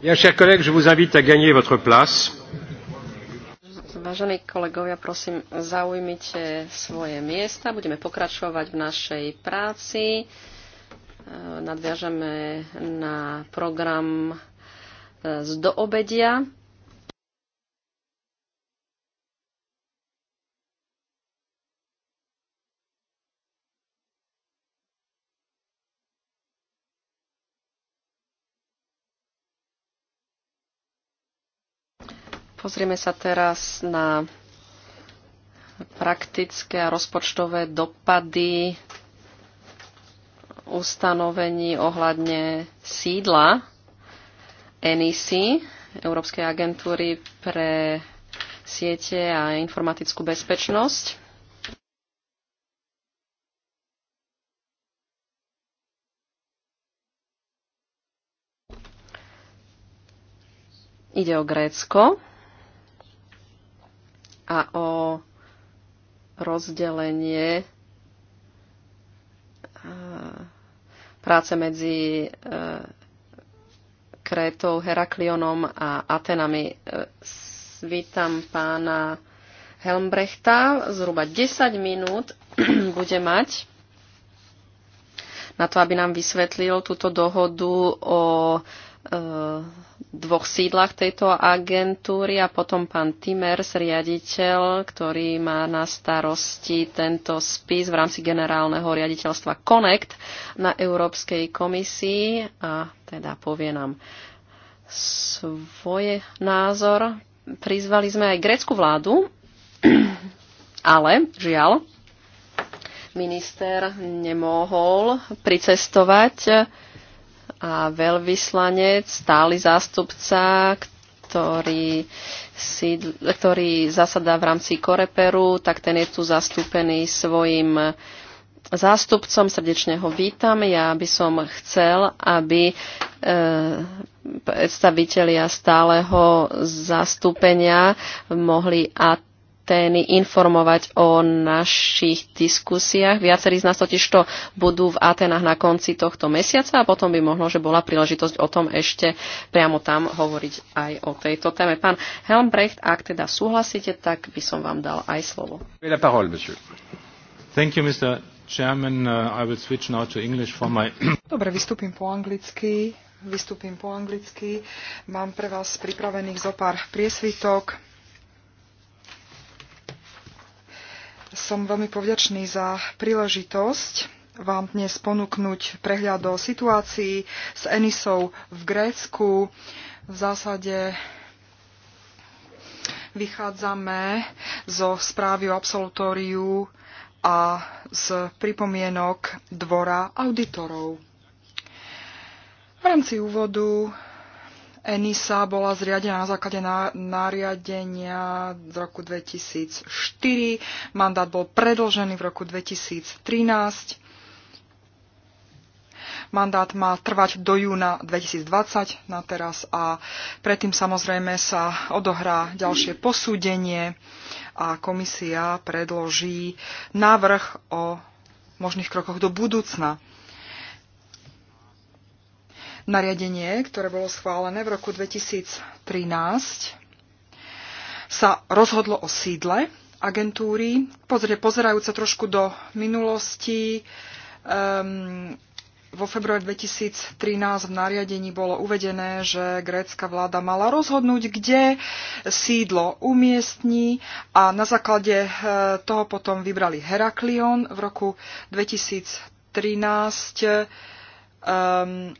Bien, chers collègues, je vous invite à gagner votre place. Vážení kolegovia, prosím, zaujmite svoje miesta. Budeme pokračovať v našej práci. E, nadviažeme na program e, z doobedia. Pozrieme sa teraz na praktické a rozpočtové dopady ustanovení ohľadne sídla NEC, Európskej agentúry pre siete a informatickú bezpečnosť. Ide o Grécko a o rozdelenie práce medzi e, Krétou, Heraklionom a Atenami. E, vítam pána Helmbrechta. Zhruba 10 minút bude mať na to, aby nám vysvetlil túto dohodu o e, dvoch sídlach tejto agentúry a potom pán Timers, riaditeľ, ktorý má na starosti tento spis v rámci generálneho riaditeľstva Connect na Európskej komisii a teda povie nám svoje názor. Prizvali sme aj grécku vládu, ale žiaľ, minister nemohol pricestovať a veľvyslanec, stály zástupca, ktorý, si, ktorý zasadá v rámci Koreperu, tak ten je tu zastúpený svojim zástupcom. Srdečne ho vítam. Ja by som chcel, aby e, predstavitelia stáleho zastúpenia mohli a Atény informovať o našich diskusiách. Viacerí z nás totiž to budú v Atenách na konci tohto mesiaca a potom by možno, že bola príležitosť o tom ešte priamo tam hovoriť aj o tejto téme. Pán Helmbrecht, ak teda súhlasíte, tak by som vám dal aj slovo. Thank you, Mr. Chairman. Uh, I will switch now to English for my... Dobre, vystúpim po anglicky. Vystúpim po anglicky. Mám pre vás pripravených zo pár priesvitok. Som veľmi povďačný za príležitosť vám dnes ponúknuť prehľad o situácii s Enisou v Grécku. V zásade vychádzame zo správy o absolutóriu a z pripomienok dvora auditorov. V rámci úvodu ENISA bola zriadená na základe nariadenia z roku 2004. Mandát bol predlžený v roku 2013. Mandát má trvať do júna 2020 na teraz a predtým samozrejme sa odohrá ďalšie posúdenie a komisia predloží návrh o možných krokoch do budúcna nariadenie, ktoré bolo schválené v roku 2013, sa rozhodlo o sídle agentúry. Pozrie, pozerajú sa trošku do minulosti. Um, vo februári 2013 v nariadení bolo uvedené, že grécka vláda mala rozhodnúť, kde sídlo umiestní a na základe eh, toho potom vybrali Heraklion v roku 2013. Um,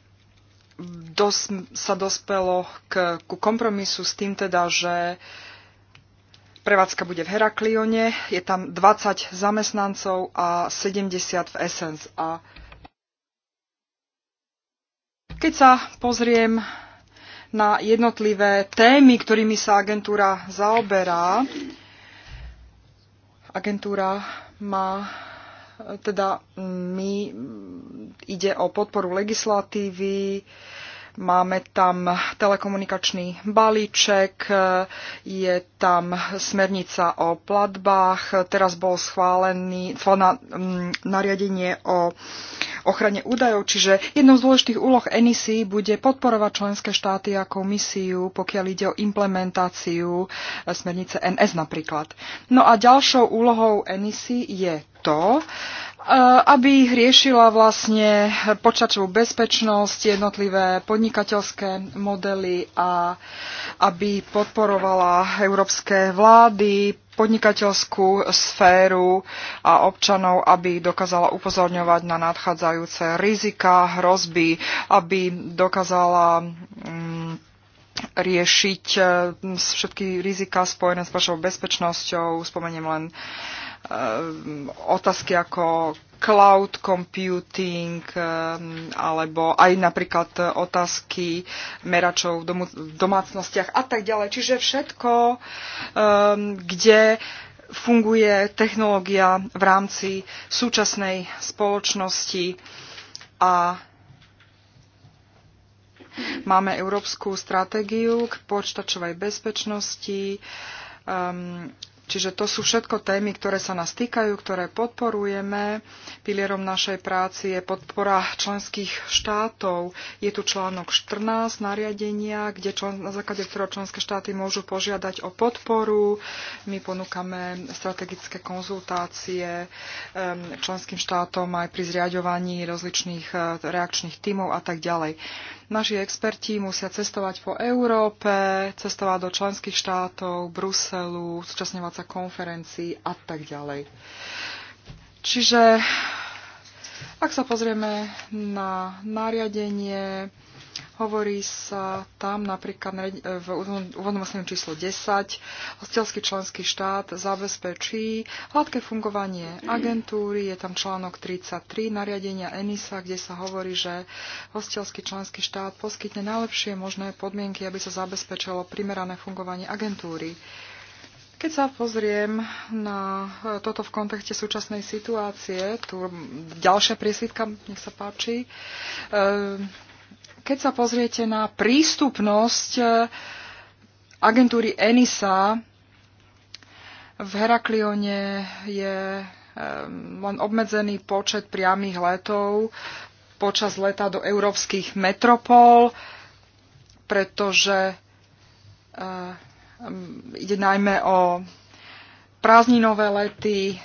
dos, sa dospelo k, ku kompromisu s tým teda, že prevádzka bude v Heraklione, je tam 20 zamestnancov a 70 v Essence. A keď sa pozriem na jednotlivé témy, ktorými sa agentúra zaoberá, agentúra má teda my mm, ide o podporu legislatívy, Máme tam telekomunikačný balíček, je tam smernica o platbách, teraz bol schválený, schválené mm, nariadenie o ochrane údajov. Čiže jednou z dôležitých úloh NEC bude podporovať členské štáty a komisiu, pokiaľ ide o implementáciu e, smernice NS napríklad. No a ďalšou úlohou NEC je to, e, aby riešila vlastne počačovú bezpečnosť, jednotlivé podnikateľské modely a aby podporovala európske vlády, podnikateľskú sféru a občanov, aby dokázala upozorňovať na nadchádzajúce rizika, hrozby, aby dokázala mm, riešiť eh, všetky rizika spojené s vašou bezpečnosťou. Spomeniem len uh, Ehm, otázky ako cloud computing ehm, alebo aj napríklad otázky meračov v, v domácnostiach a tak ďalej. Čiže všetko, ehm, kde funguje technológia v rámci súčasnej spoločnosti a máme európsku stratégiu k počtačovej bezpečnosti. Čiže to sú všetko témy, ktoré sa nás týkajú, ktoré podporujeme. Pilierom našej práci je podpora členských štátov. Je tu článok 14 nariadenia, kde člen, na základe ktorého členské štáty môžu požiadať o podporu. My ponúkame strategické konzultácie ehm, členským štátom aj pri zriadovaní rozličných eh, reakčných tímov a tak ďalej. Naši experti musia cestovať po Európe, cestovať do členských štátov, Bruselu, zúčastňovať sa konferencií a tak ďalej. Čiže ak sa pozrieme na nariadenie, Hovorí sa tam napríklad v úvodnom osnovu číslo 10, hostelský členský štát zabezpečí hladké fungovanie agentúry, je tam článok 33 nariadenia ENISA, kde sa hovorí, že hostelský členský štát poskytne najlepšie možné podmienky, aby sa zabezpečilo primerané fungovanie agentúry. Keď sa pozriem na toto v kontexte súčasnej situácie, tu ďalšia priesvitka, nech sa páči, ehm, keď sa pozriete na prístupnosť eh, agentúry ENISA, v Heraklione je eh, len obmedzený počet priamých letov počas leta do európskych metropol, pretože eh, ide najmä o prázdninové lety,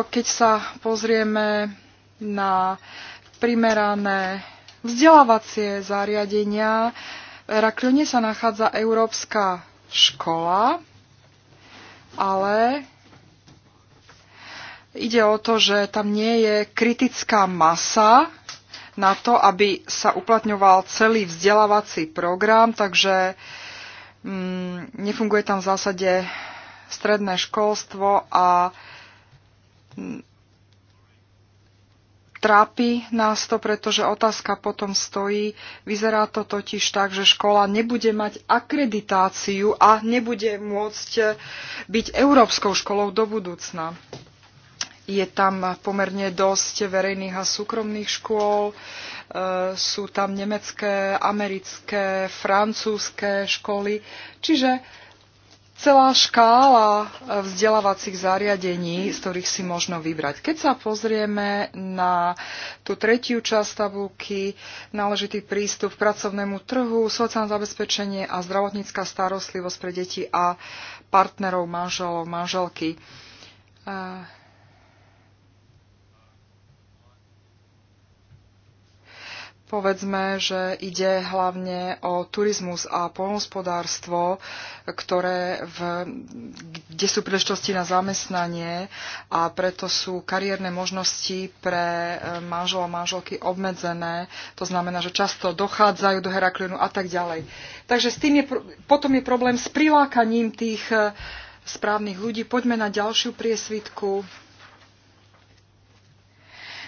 keď sa pozrieme na primerané vzdelávacie zariadenia, v Heraklione sa nachádza Európska škola, ale ide o to, že tam nie je kritická masa na to, aby sa uplatňoval celý vzdelávací program, takže mm, nefunguje tam v zásade stredné školstvo a Trápi nás to, pretože otázka potom stojí. Vyzerá to totiž tak, že škola nebude mať akreditáciu a nebude môcť eh, byť európskou školou do budúcna. Je tam pomerne dosť verejných a súkromných škôl. Eh, sú tam nemecké, americké, francúzské školy. Čiže celá škála e, vzdelávacích zariadení, z ktorých si možno vybrať. Keď sa pozrieme na tú tretiu časť tabulky, náležitý prístup k pracovnému trhu, sociálne zabezpečenie a zdravotnícká starostlivosť pre deti a partnerov, manželov, manželky. Uh, povedzme, že ide hlavne o turizmus a polnospodárstvo, ktoré v, kde sú príležitosti na zamestnanie a preto sú kariérne možnosti pre e, manžel a manželky obmedzené. To znamená, že často dochádzajú do Heraklionu a tak ďalej. Takže s tým je, potom je problém s prilákaním tých e, správnych ľudí. Poďme na ďalšiu priesvitku.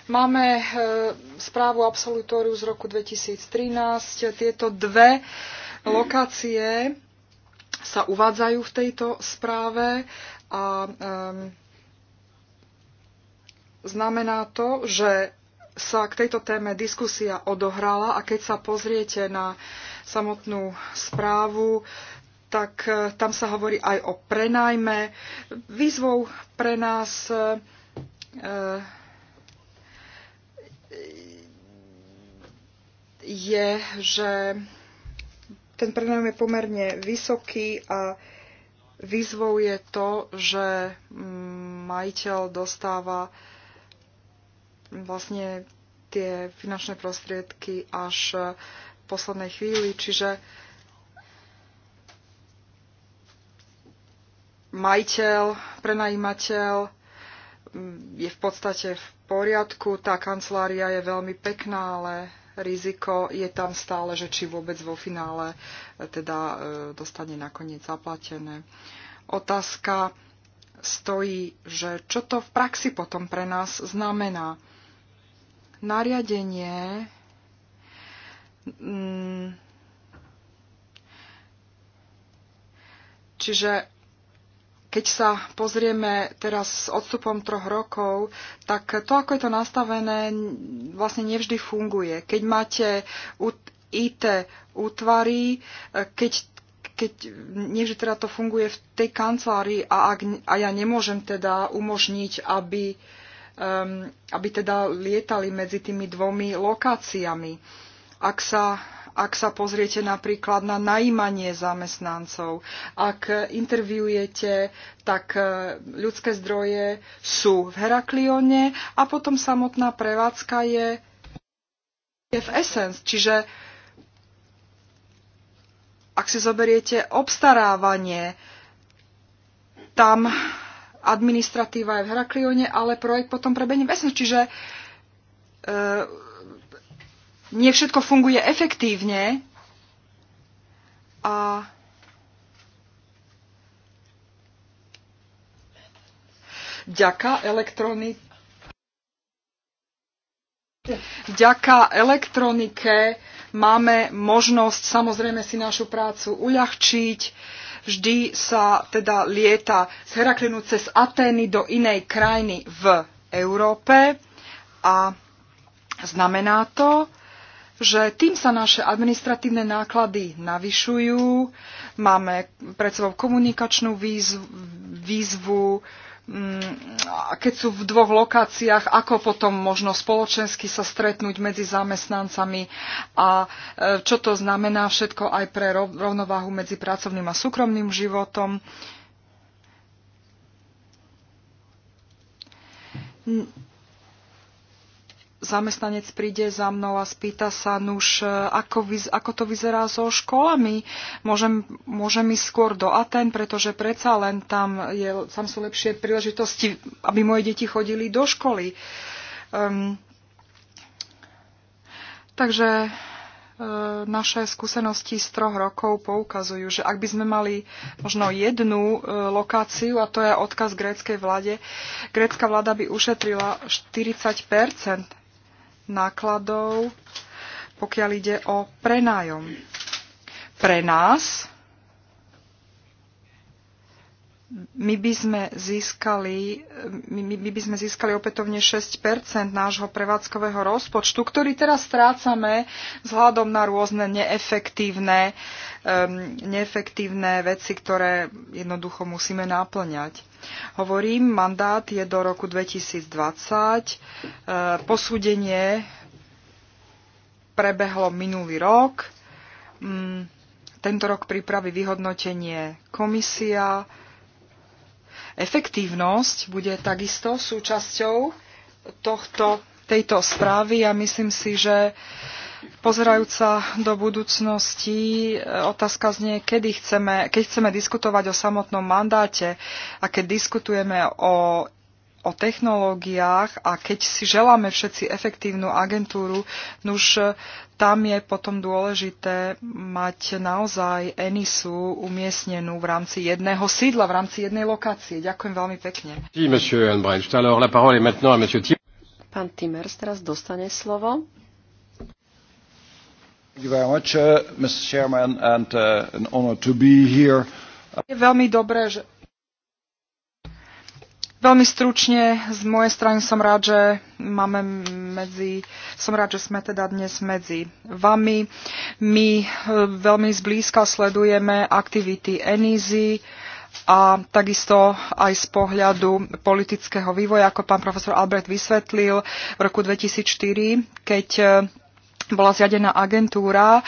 Máme e, správu absolutóriu z roku 2013. Tieto dve lokácie sa uvádzajú v tejto správe a um, znamená to, že sa k tejto téme diskusia odohrala a keď sa pozriete na samotnú správu, tak e, tam sa hovorí aj o prenajme. Výzvou pre nás e, je, že ten prenájom je pomerne vysoký a výzvou je to, že mm, majiteľ dostáva mm, vlastne tie finančné prostriedky až e, v poslednej chvíli, čiže majiteľ, prenajímateľ Mm, je v podstate v poriadku. Tá kancelária je veľmi pekná, ale riziko je tam stále, že či vôbec vo finále e, teda e, dostane nakoniec zaplatené. Otázka stojí, že čo to v praxi potom pre nás znamená. Nariadenie mm, Čiže keď sa pozrieme teraz s odstupom troch rokov, tak to, ako je to nastavené, vlastne nevždy funguje. Keď máte IT útvary, e, keď keď nevždy teda to funguje v tej kancelárii a, ak, a ja nemôžem teda umožniť, aby, um, aby teda lietali medzi tými dvomi lokáciami. Ak sa ak sa pozriete napríklad na najímanie zamestnancov, ak interviujete, tak e, ľudské zdroje sú v Heraklione a potom samotná prevádzka je, je v Essence. Čiže ak si zoberiete obstarávanie, tam administratíva je v Heraklione, ale projekt potom prebení v Essence. Čiže e, nie všetko funguje efektívne a ďaká elektrony ďaká elektronike máme možnosť samozrejme si našu prácu uľahčiť. Vždy sa teda lieta z Heraklinu cez Atény do inej krajiny v Európe a znamená to, že tým sa naše administratívne náklady navyšujú, máme pred sebou komunikačnú výzvu, výzvu mm, a keď sú v dvoch lokáciách, ako potom možno spoločensky sa stretnúť medzi zamestnancami a e, čo to znamená všetko aj pre rovnováhu medzi pracovným a súkromným životom. N zamestnanec príde za mnou a spýta sa, nuž, ako, ako to vyzerá so školami, môžem, môžem ísť skôr do Aten, pretože predsa len tam, je, tam sú lepšie príležitosti, aby moje deti chodili do školy. Um, takže e, naše skúsenosti z troch rokov poukazujú, že ak by sme mali možno jednu e, lokáciu, a to je odkaz gréckej vlade, grécka vláda by ušetrila 40 nákladov, pokiaľ ide o prenájom. Pre nás my by sme získali, my, my by sme získali opätovne 6 nášho prevádzkového rozpočtu, ktorý teraz strácame vzhľadom na rôzne neefektívne, um, neefektívne veci, ktoré jednoducho musíme náplňať. Hovorím, mandát je do roku 2020. E, posúdenie prebehlo minulý rok. Mm, tento rok pripraví vyhodnotenie komisia efektívnosť bude takisto súčasťou tohto, tejto správy a myslím si, že pozerajúca do budúcnosti e, otázka znie, kedy chceme, keď chceme diskutovať o samotnom mandáte a keď diskutujeme o o technológiách a keď si želáme všetci efektívnu agentúru, nuž e, tam je potom dôležité mať naozaj Enisu umiestnenú v rámci jedného sídla, v rámci jednej lokácie. Ďakujem veľmi pekne. Pán Timers teraz dostane slovo. Uh, uh, je veľmi dobré, že Veľmi stručne z mojej strany som rád, že máme medzi, som rád, že sme teda dnes medzi vami. My e, veľmi zblízka sledujeme aktivity Enízy a takisto aj z pohľadu politického vývoja, ako pán profesor Albrecht vysvetlil v roku 2004, keď e, bola zjadená agentúra,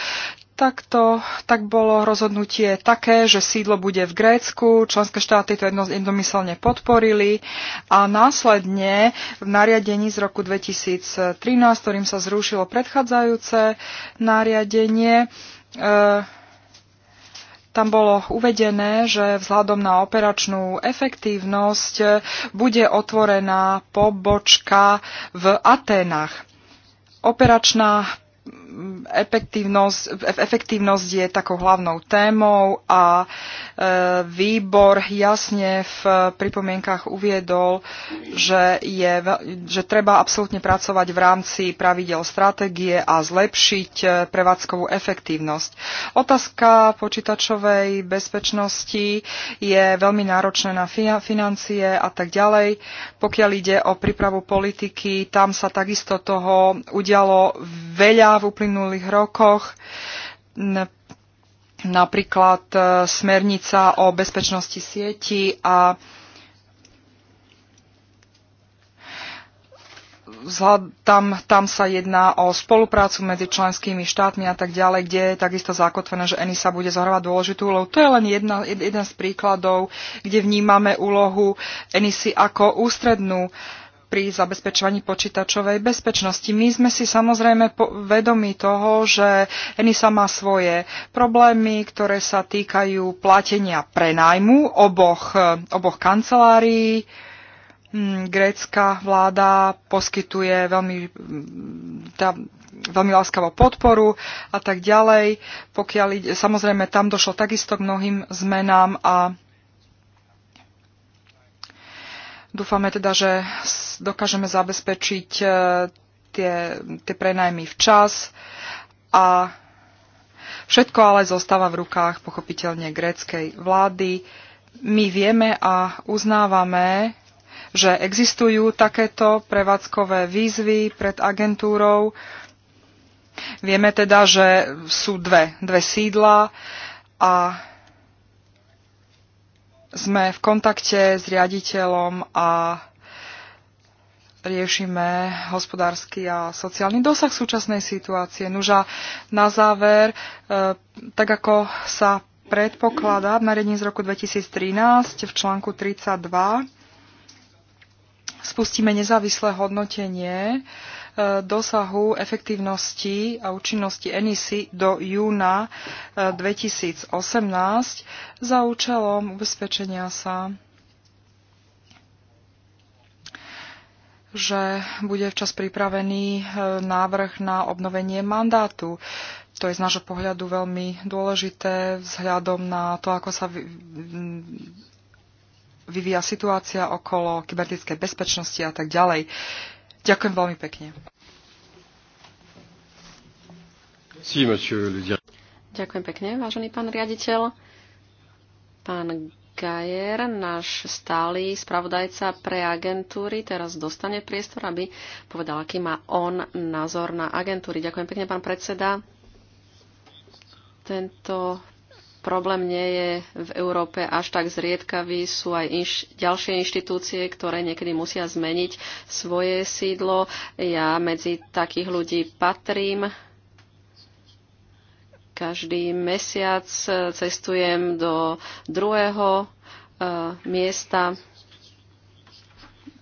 to, tak bolo rozhodnutie také, že sídlo bude v Grécku, členské štáty to jedno, jednomyselne podporili a následne v nariadení z roku 2013, ktorým sa zrušilo predchádzajúce nariadenie, e, tam bolo uvedené, že vzhľadom na operačnú efektívnosť bude otvorená pobočka v Atenách. Operačná efektívnosť, efektívnosť je takou hlavnou témou a e, výbor jasne v pripomienkach uviedol, že, je, že treba absolútne pracovať v rámci pravidel stratégie a zlepšiť e, prevádzkovú efektívnosť. Otázka počítačovej bezpečnosti je veľmi náročná na financie a tak ďalej. Pokiaľ ide o prípravu politiky, tam sa takisto toho udialo veľa v uplynulých rokoch. Napríklad e, smernica o bezpečnosti sieti a tam, tam sa jedná o spoluprácu medzi členskými štátmi a tak ďalej, kde je takisto zakotvené, že ENISA bude zohrávať dôležitú úlohu. To je len jedna, jeden z príkladov, kde vnímame úlohu ENISY ako ústrednú. Uh, pri zabezpečovaní počítačovej bezpečnosti. My sme si samozrejme vedomi toho, že ENISA má svoje problémy, ktoré sa týkajú platenia prenajmu oboch, oboch kancelárií. Mm, grécka vláda poskytuje veľmi, mm, tá, veľmi láskavú podporu a tak ďalej. Pokiaľ, samozrejme, tam došlo takisto k mnohým zmenám a Dúfame teda, že dokážeme zabezpečiť e, tie, tie prenajmy včas a všetko ale zostáva v rukách pochopiteľne gréckej vlády. My vieme a uznávame, že existujú takéto prevádzkové výzvy pred agentúrou. Vieme teda, že sú dve, dve sídla a sme v kontakte s riaditeľom a riešime hospodársky a sociálny dosah súčasnej situácie. Nuža na záver, e, tak ako sa predpokladá v nariadení z roku 2013 v článku 32, spustíme nezávislé hodnotenie dosahu efektívnosti a účinnosti ENISY do júna 2018 e, za účelom ubezpečenia sa že bude včas pripravený e, návrh na obnovenie mandátu. To je z nášho pohľadu veľmi dôležité vzhľadom na to, ako sa vyvíja situácia okolo kybernetickej bezpečnosti a tak ďalej. Ďakujem veľmi pekne. Ďakujem pekne, vážený pán riaditeľ. Pán Gajer, náš stály spravodajca pre agentúry, teraz dostane priestor, aby povedal, aký má on názor na agentúry. Ďakujem pekne, pán predseda. Tento problém nie je v Európe až tak zriedkavý. Sú aj inš- ďalšie inštitúcie, ktoré niekedy musia zmeniť svoje sídlo. Ja medzi takých ľudí patrím. Každý mesiac cestujem do druhého uh, miesta.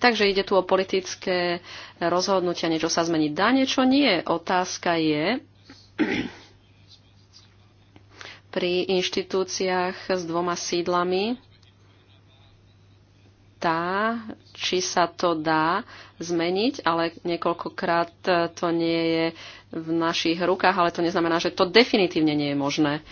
Takže ide tu o politické rozhodnutia. Niečo sa zmení. Dá, niečo nie. Otázka je, pri inštitúciách s dvoma sídlami. Tá, či sa to dá zmeniť, ale niekoľkokrát to nie je v našich rukách, ale to neznamená, že to definitívne nie je možné.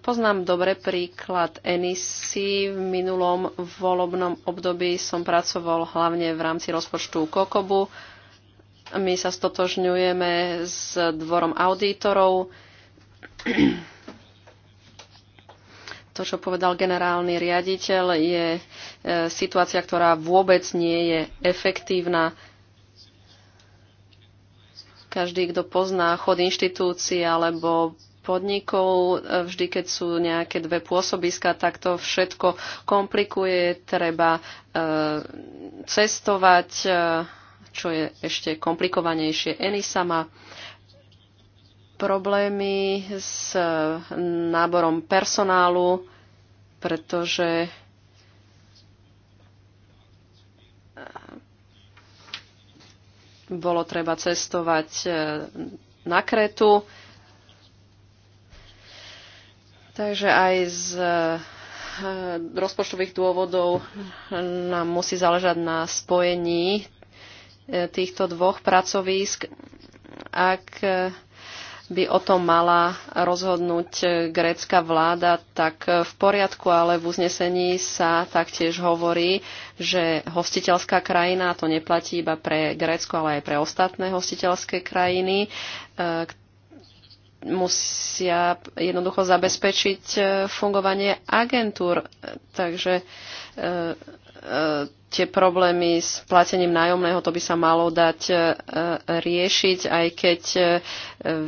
Poznám dobre príklad Enisy. V minulom volobnom období som pracoval hlavne v rámci rozpočtu Kokobu. My sa stotožňujeme s dvorom auditorov to, čo povedal generálny riaditeľ, je e, situácia, ktorá vôbec nie je efektívna. Každý, kto pozná chod inštitúcií alebo podnikov, e, vždy keď sú nejaké dve pôsobiska, tak to všetko komplikuje, treba e, cestovať, čo je ešte komplikovanejšie. Eni sama problémy s eh, náborom personálu, pretože eh, bolo treba cestovať eh, na Kretu. Takže aj z rozpočtových dôvodov nám musí záležať na spojení týchto dvoch pracovísk. Ak by o tom mala rozhodnúť e, grécka vláda, tak v poriadku, ale v uznesení sa taktiež hovorí, že hostiteľská krajina, to neplatí iba pre Grécko, ale aj pre ostatné hostiteľské krajiny, e, musia jednoducho zabezpečiť e, fungovanie agentúr. Takže tie problémy s platením nájomného, to by sa malo dať e, e, riešiť, aj keď e,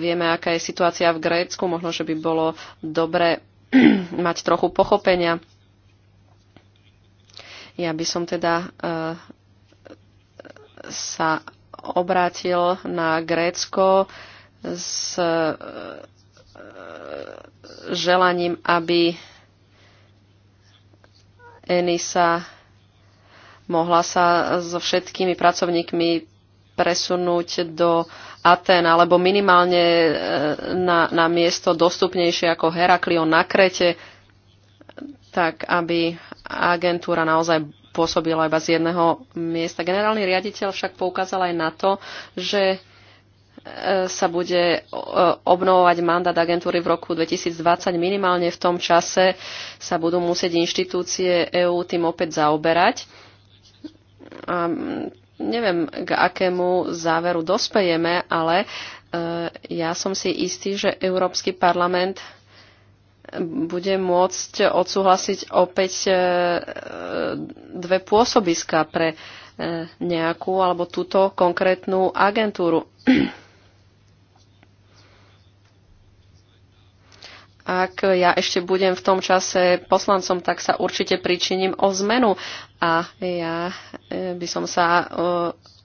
vieme, aká je situácia v Grécku. Možno, že by bolo dobre mať trochu pochopenia. Ja by som teda sa obrátil na Grécko s želaním, aby Enisa mohla sa so všetkými pracovníkmi presunúť do Aten alebo minimálne e, na, na miesto dostupnejšie ako Heraklion na Krete, tak aby agentúra naozaj pôsobila iba z jedného miesta. Generálny riaditeľ však poukázal aj na to, že e, sa bude e, obnovovať mandát agentúry v roku 2020. Minimálne v tom čase sa budú musieť inštitúcie EÚ tým opäť zaoberať a neviem, k akému záveru dospejeme, ale e, ja som si istý, že Európsky parlament bude môcť odsúhlasiť opäť e, dve pôsobiska pre e, nejakú alebo túto konkrétnu agentúru. Ak ja ešte budem v tom čase poslancom, tak sa určite pričiním o zmenu. A ja e, by som sa e,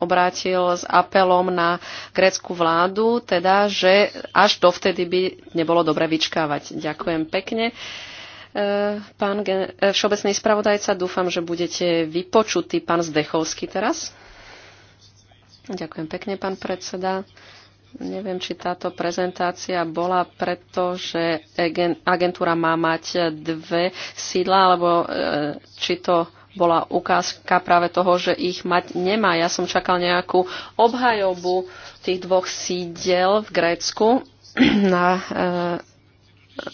obrátil s apelom na grécku vládu, teda, že až dovtedy by nebolo dobre vyčkávať. Ďakujem pekne. E, pán všeobecný spravodajca, dúfam, že budete vypočutý. Pán Zdechovský teraz. Ďakujem pekne, pán predseda. Neviem, či táto prezentácia bola preto, že agentúra má mať dve sídla, alebo e, či to bola ukázka práve toho, že ich mať nemá. Ja som čakal nejakú obhajobu tých dvoch sídel v Grécku na e,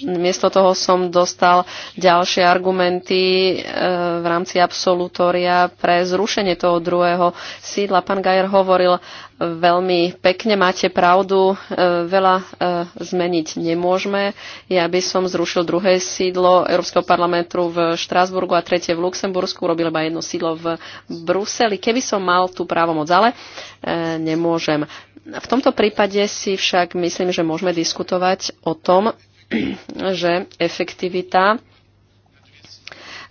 Miesto toho som dostal ďalšie argumenty e, v rámci absolutória pre zrušenie toho druhého sídla. Pán Gajer hovoril veľmi pekne, máte pravdu, e, veľa e, zmeniť nemôžeme. Ja by som zrušil druhé sídlo Európskeho parlamentu v Štrásburgu a tretie v Luxembursku, robil iba jedno sídlo v Bruseli, keby som mal tú právomoc, ale nemôžem. V tomto prípade si však myslím, že môžeme diskutovať o tom, že efektivita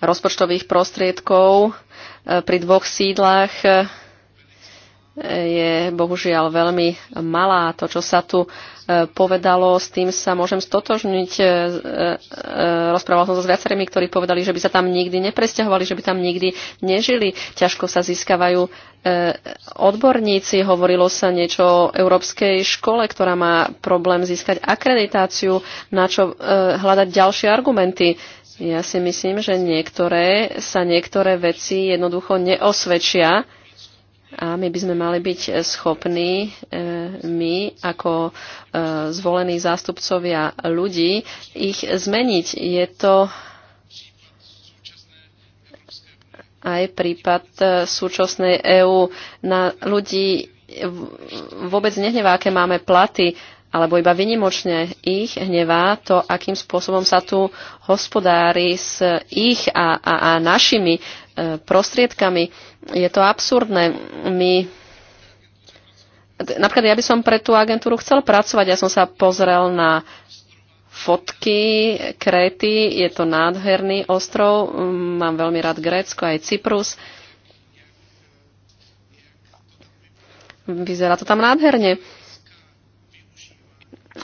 rozpočtových prostriedkov eh, pri dvoch sídlach eh, je bohužiaľ veľmi malá. To, čo sa tu e, povedalo, s tým sa môžem stotožniť. E, e, rozprával som sa s viacerými, ktorí povedali, že by sa tam nikdy nepresťahovali, že by tam nikdy nežili. Ťažko sa získavajú odborníci. Hovorilo sa niečo o európskej škole, ktorá má problém získať akreditáciu, na čo hľadať ďalšie argumenty. Ja si myslím, že niektoré sa niektoré veci jednoducho neosvedčia a my by sme mali byť e, schopní, e, my ako e, zvolení zástupcovia ľudí, ich zmeniť. Je to aj prípad súčasnej EÚ na ľudí vôbec nehnevá, aké máme platy, alebo iba vynimočne ich hnevá to, akým spôsobom sa tu hospodári s ich a, a, a našimi prostriedkami. Je to absurdné. My Napríklad ja by som pre tú agentúru chcel pracovať. Ja som sa pozrel na fotky Kréty. Je to nádherný ostrov. Mám veľmi rád Grécko aj Cyprus. Vyzerá to tam nádherne.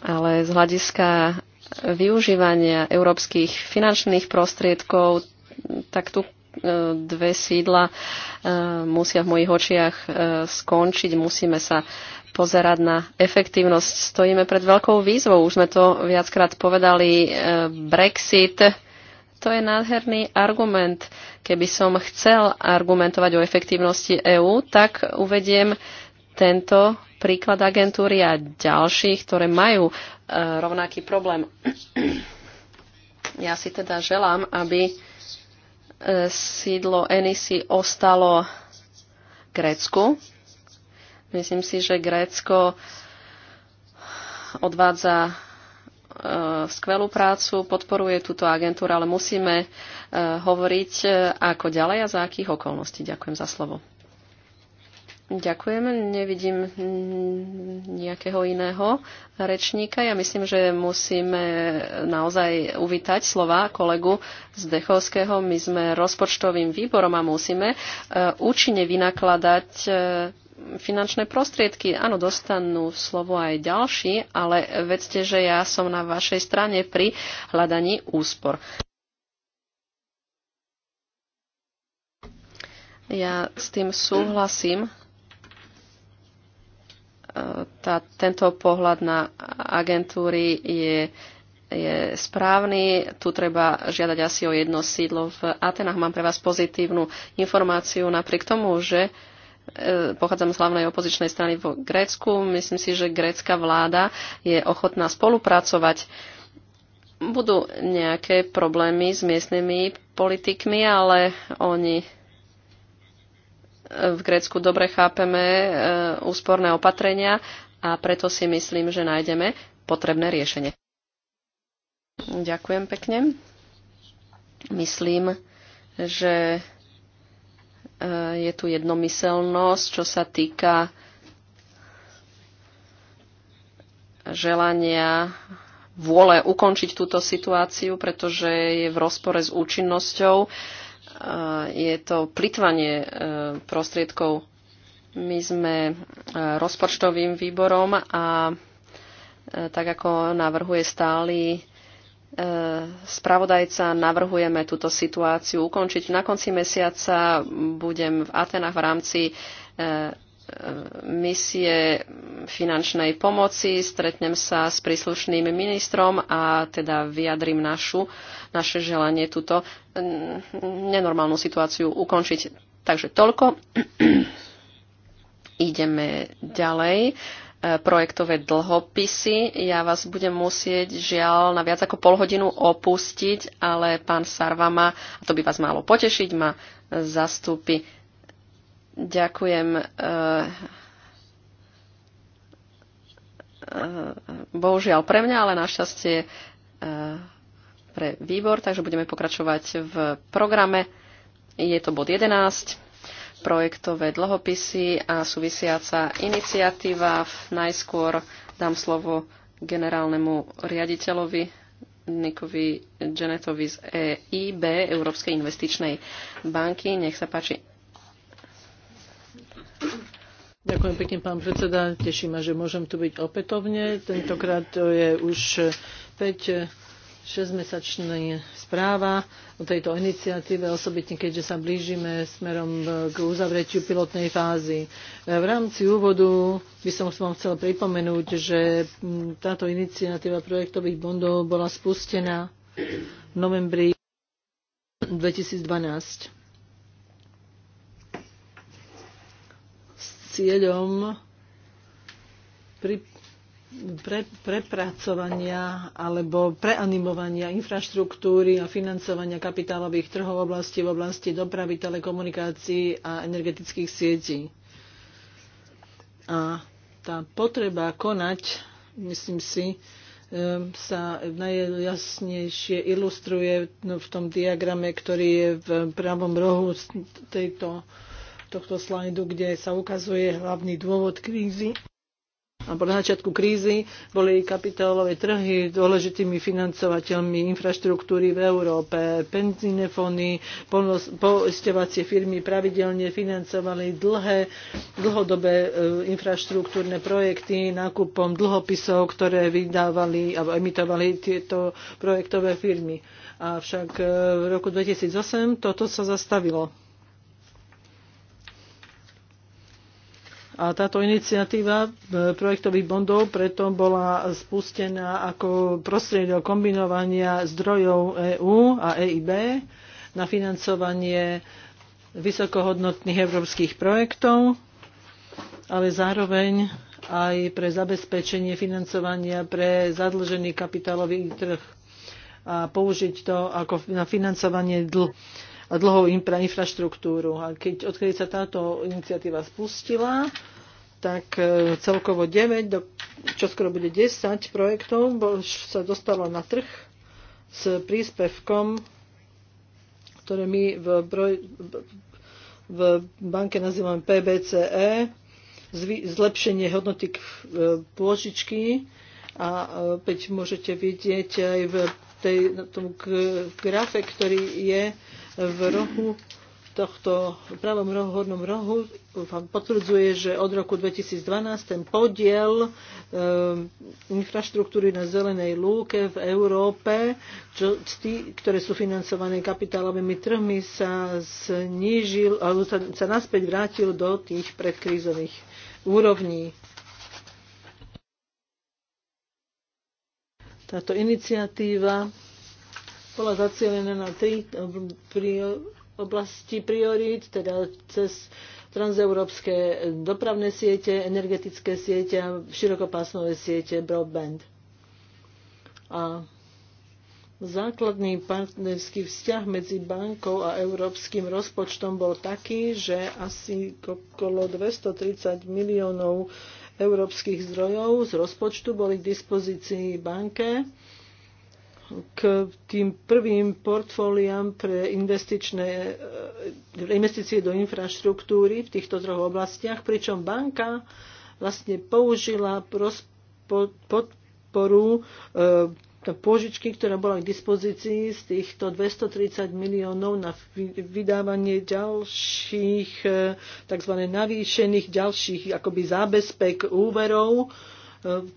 Ale z hľadiska využívania európskych finančných prostriedkov, tak tu dve sídla e, musia v mojich očiach e, skončiť. Musíme sa pozerať na efektívnosť. Stojíme pred veľkou výzvou. Už sme to viackrát povedali. E, Brexit, to je nádherný argument. Keby som chcel argumentovať o efektívnosti EÚ, tak uvediem tento príklad agentúry a ďalších, ktoré majú rovnaký problém. Ja si teda želám, aby sídlo Enisi ostalo Grécku. Myslím si, že Grécko odvádza e, skvelú prácu, podporuje túto agentúru, ale musíme e, hovoriť e, ako ďalej a za akých okolností. Ďakujem za slovo. Ďakujem. Nevidím nejakého iného rečníka. Ja myslím, že musíme naozaj uvítať slova kolegu z Dechovského. My sme rozpočtovým výborom a musíme e, účinne vynakladať e, finančné prostriedky. Áno, dostanú slovo aj ďalší, ale vedzte, že ja som na vašej strane pri hľadaní úspor. Ja s tým súhlasím tá, tento pohľad na agentúry je, je správny. Tu treba žiadať asi o jedno sídlo v Atenách. Mám pre vás pozitívnu informáciu napriek tomu, že e, pochádzam z hlavnej opozičnej strany v Grécku. Myslím si, že grécka vláda je ochotná spolupracovať. Budú nejaké problémy s miestnymi politikmi, ale oni v Grécku dobre chápeme e, úsporné opatrenia a preto si myslím, že nájdeme potrebné riešenie. Ďakujem pekne. Myslím, že e, je tu jednomyselnosť, čo sa týka želania vôle ukončiť túto situáciu, pretože je v rozpore s účinnosťou uh, je to plitvanie e, prostriedkov. My sme e, rozpočtovým výborom a e, tak ako navrhuje stály spravodajca, navrhujeme túto situáciu ukončiť. Na konci mesiaca budem v Atenách v rámci misie finančnej pomoci, stretnem sa s príslušným ministrom a teda vyjadrím našu, naše želanie túto mm, nenormálnu situáciu ukončiť. Takže toľko. Ideme ďalej. E, projektové dlhopisy. Ja vás budem musieť žiaľ na viac ako pol hodinu opustiť, ale pán Sarvama, a to by vás malo potešiť, ma zastúpi Ďakujem. Eh, eh, bohužiaľ pre mňa, ale našťastie eh, pre výbor, takže budeme pokračovať v programe. Je to bod 11, projektové dlhopisy a súvisiaca iniciatíva. Najskôr dám slovo generálnemu riaditeľovi Nikovi Genetovi z EIB, Európskej investičnej banky. Nech sa páči, Ďakujem pekne, pán predseda. Teším ma, že môžem tu byť opätovne. Tentokrát to je už 5 šesťmesačná správa o tejto iniciatíve, osobitne keďže sa blížime smerom k uzavretiu pilotnej fázy. V rámci úvodu by som vám chcel pripomenúť, že táto iniciatíva projektových bondov bola spustená v novembri 2012 cieľom pri pre, prepracovania alebo preanimovania infraštruktúry a financovania kapitálových trhov v oblasti, v oblasti dopravy, telekomunikácií a energetických sietí. A tá potreba konať, myslím si, sa najjasnejšie ilustruje no, v tom diagrame, ktorý je v pravom rohu tejto tohto slajdu, kde sa ukazuje hlavný dôvod krízy. A po začiatku krízy boli kapitálové trhy dôležitými financovateľmi infraštruktúry v Európe. fóny, poistevacie firmy pravidelne financovali dlhé, dlhodobé e, infraštruktúrne projekty nákupom dlhopisov, ktoré vydávali a emitovali tieto projektové firmy. Avšak e, v roku 2008 toto sa zastavilo A táto iniciatíva e, projektových bondov preto bola spustená ako prostriedok kombinovania zdrojov EÚ a EIB na financovanie vysokohodnotných európskych projektov, ale zároveň aj pre zabezpečenie financovania pre zadlžený kapitálový trh a použiť to ako na financovanie dlhu dlhou infraštruktúru. A keď, odkedy sa táto iniciatíva spustila, tak e, celkovo 9, do, čo skoro bude 10 projektov, sa dostalo na trh s príspevkom, ktoré my v, v banke nazývame PBCE, zlepšenie hodnoty e, pôžičky a e, opäť môžete vidieť aj v tej, na tom grafe, ktorý je v rohu tohto pravom rohu, hornom rohu vám potvrdzuje, že od roku 2012 ten podiel e, infraštruktúry na zelenej lúke v Európe, čo, tí, ktoré sú financované kapitálovými trhmi, sa znížil, alebo sa, sa naspäť vrátil do tých predkrízových úrovní. Táto iniciatíva bola zacielená na tri oblasti priorít, teda cez transeurópske dopravné siete, energetické siete a širokopásmové siete broadband. A základný partnerský vzťah medzi bankou a európskym rozpočtom bol taký, že asi okolo 230 miliónov európskych zdrojov z rozpočtu boli k dispozícii banke k tým prvým portfóliám pre investičné, e, investície do infraštruktúry v týchto troch oblastiach, pričom banka vlastne použila podporu e, požičky, ktorá bola k dispozícii z týchto 230 miliónov na vydávanie ďalších e, tzv. navýšených ďalších akoby zábezpek úverov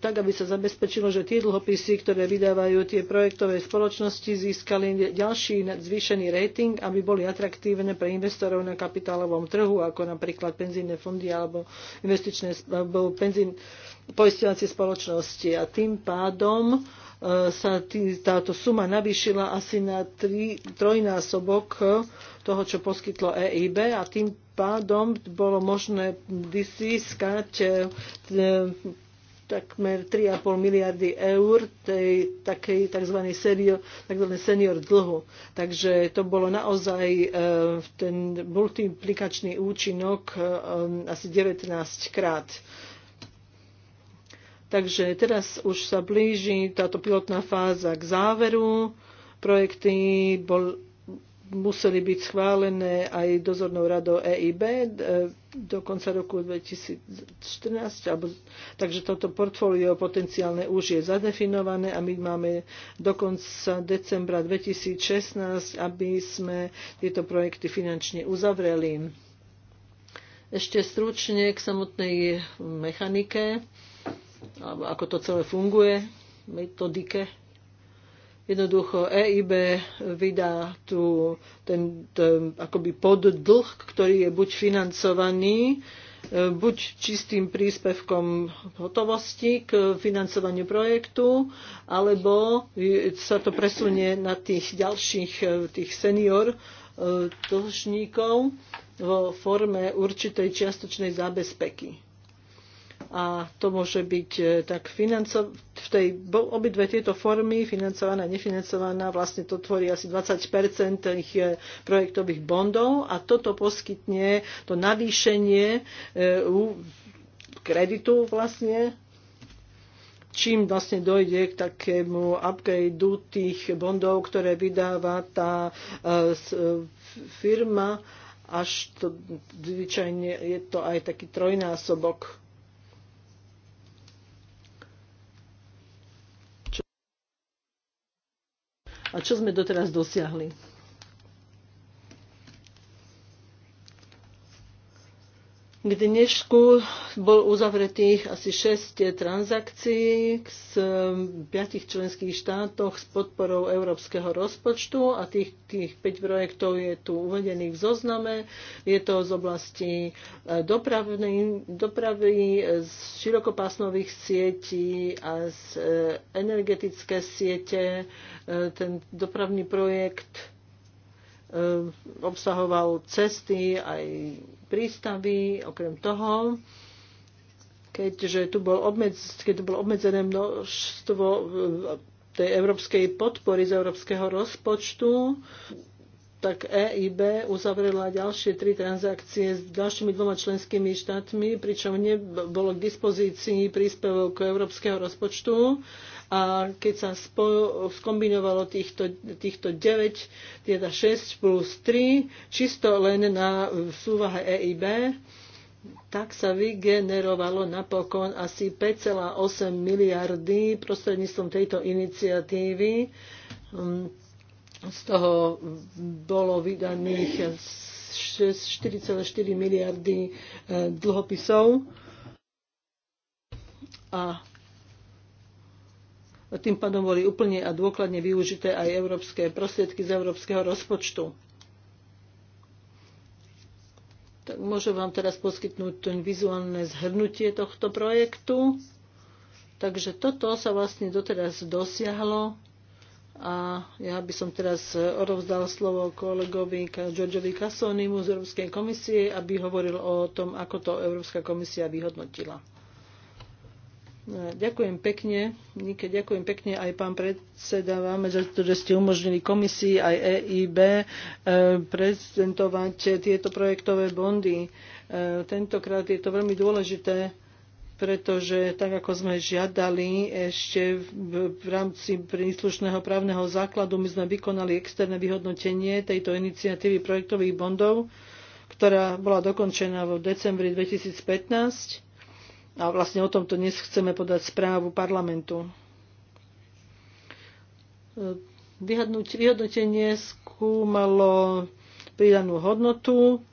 tak, aby sa zabezpečilo, že tie dlhopisy, ktoré vydávajú tie projektové spoločnosti, získali ďalší zvýšený rating, aby boli atraktívne pre investorov na kapitálovom trhu, ako napríklad penzíne fondy alebo investičné alebo penzín, poistovacie spoločnosti. A tým pádom e, sa tý, táto suma navýšila asi na tri, trojnásobok toho, čo poskytlo EIB a tým pádom bolo možné získať e, takmer 3,5 miliardy eur tej takej tzv. Senior, tzv. senior dlhu. Takže to bolo naozaj e, ten multiplikačný účinok e, e, asi 19 krát. Takže teraz už sa blíži táto pilotná fáza k záveru. Projekty bol, museli byť schválené aj dozornou radou EIB e, do konca roku 2014. Alebo, takže toto portfólio potenciálne už je zadefinované a my máme do konca decembra 2016, aby sme tieto projekty finančne uzavreli. Ešte stručne k samotnej mechanike, ako to celé funguje, metodike Jednoducho EIB vydá tu ten, ten akoby poddlh, ktorý je buď financovaný, e, buď čistým príspevkom hotovosti k financovaniu projektu, alebo sa to presunie na tých ďalších e, tých senior e, dlžníkov vo forme určitej čiastočnej zábezpeky a to môže byť e, tak financov, v tej, obidve tieto formy, financovaná a nefinancovaná, vlastne to tvorí asi 20 ich e, projektových bondov a toto poskytne to navýšenie e, kreditu vlastne čím vlastne dojde k takému upgradeu tých bondov, ktoré vydáva tá firma, až to zvyčajne je to aj taký trojnásobok a čo sme doteraz dosiahli. K dnešku bol uzavretých asi 6 transakcií z 5 členských štátoch s podporou európskeho rozpočtu a tých, tých 5 projektov je tu uvedených v zozname. Je to z oblasti e, dopravnej, dopravy, z širokopásnových sietí a z e, energetické siete. E, ten dopravný projekt obsahoval cesty aj prístavy. Okrem toho, keďže tu, bol obmedz, keď tu bol obmedzené množstvo e, tej európskej podpory z európskeho rozpočtu, tak EIB uzavrela ďalšie tri transakcie s ďalšími dvoma členskými štátmi, pričom nebolo k dispozícii príspevok európskeho rozpočtu. A keď sa spo- skombinovalo týchto, týchto 9, teda 6 plus 3, čisto len na súvahe EIB, tak sa vygenerovalo napokon asi 5,8 miliardy prostredníctvom tejto iniciatívy z toho bolo vydaných 4,4 miliardy e, dlhopisov a tým pádom boli úplne a dôkladne využité aj európske prostriedky z európskeho rozpočtu. Tak môžem vám teraz poskytnúť to vizuálne zhrnutie tohto projektu. Takže toto sa vlastne doteraz dosiahlo a ja by som teraz e, odovzdal slovo kolegovi Georgeovi Kasonimu z Európskej komisie, aby hovoril o tom, ako to Európska komisia vyhodnotila. E, ďakujem pekne. Ďakujem pekne aj pán predseda vám, za to, že ste umožnili komisii aj EIB e, prezentovať tieto projektové bondy. Tentokrát je to veľmi dôležité pretože tak ako sme žiadali ešte v, v rámci príslušného právneho základu, my sme vykonali externé vyhodnotenie tejto iniciatívy projektových bondov, ktorá bola dokončená v decembri 2015 a vlastne o tomto dnes chceme podať správu parlamentu. Vyhodnotenie skúmalo pridanú hodnotu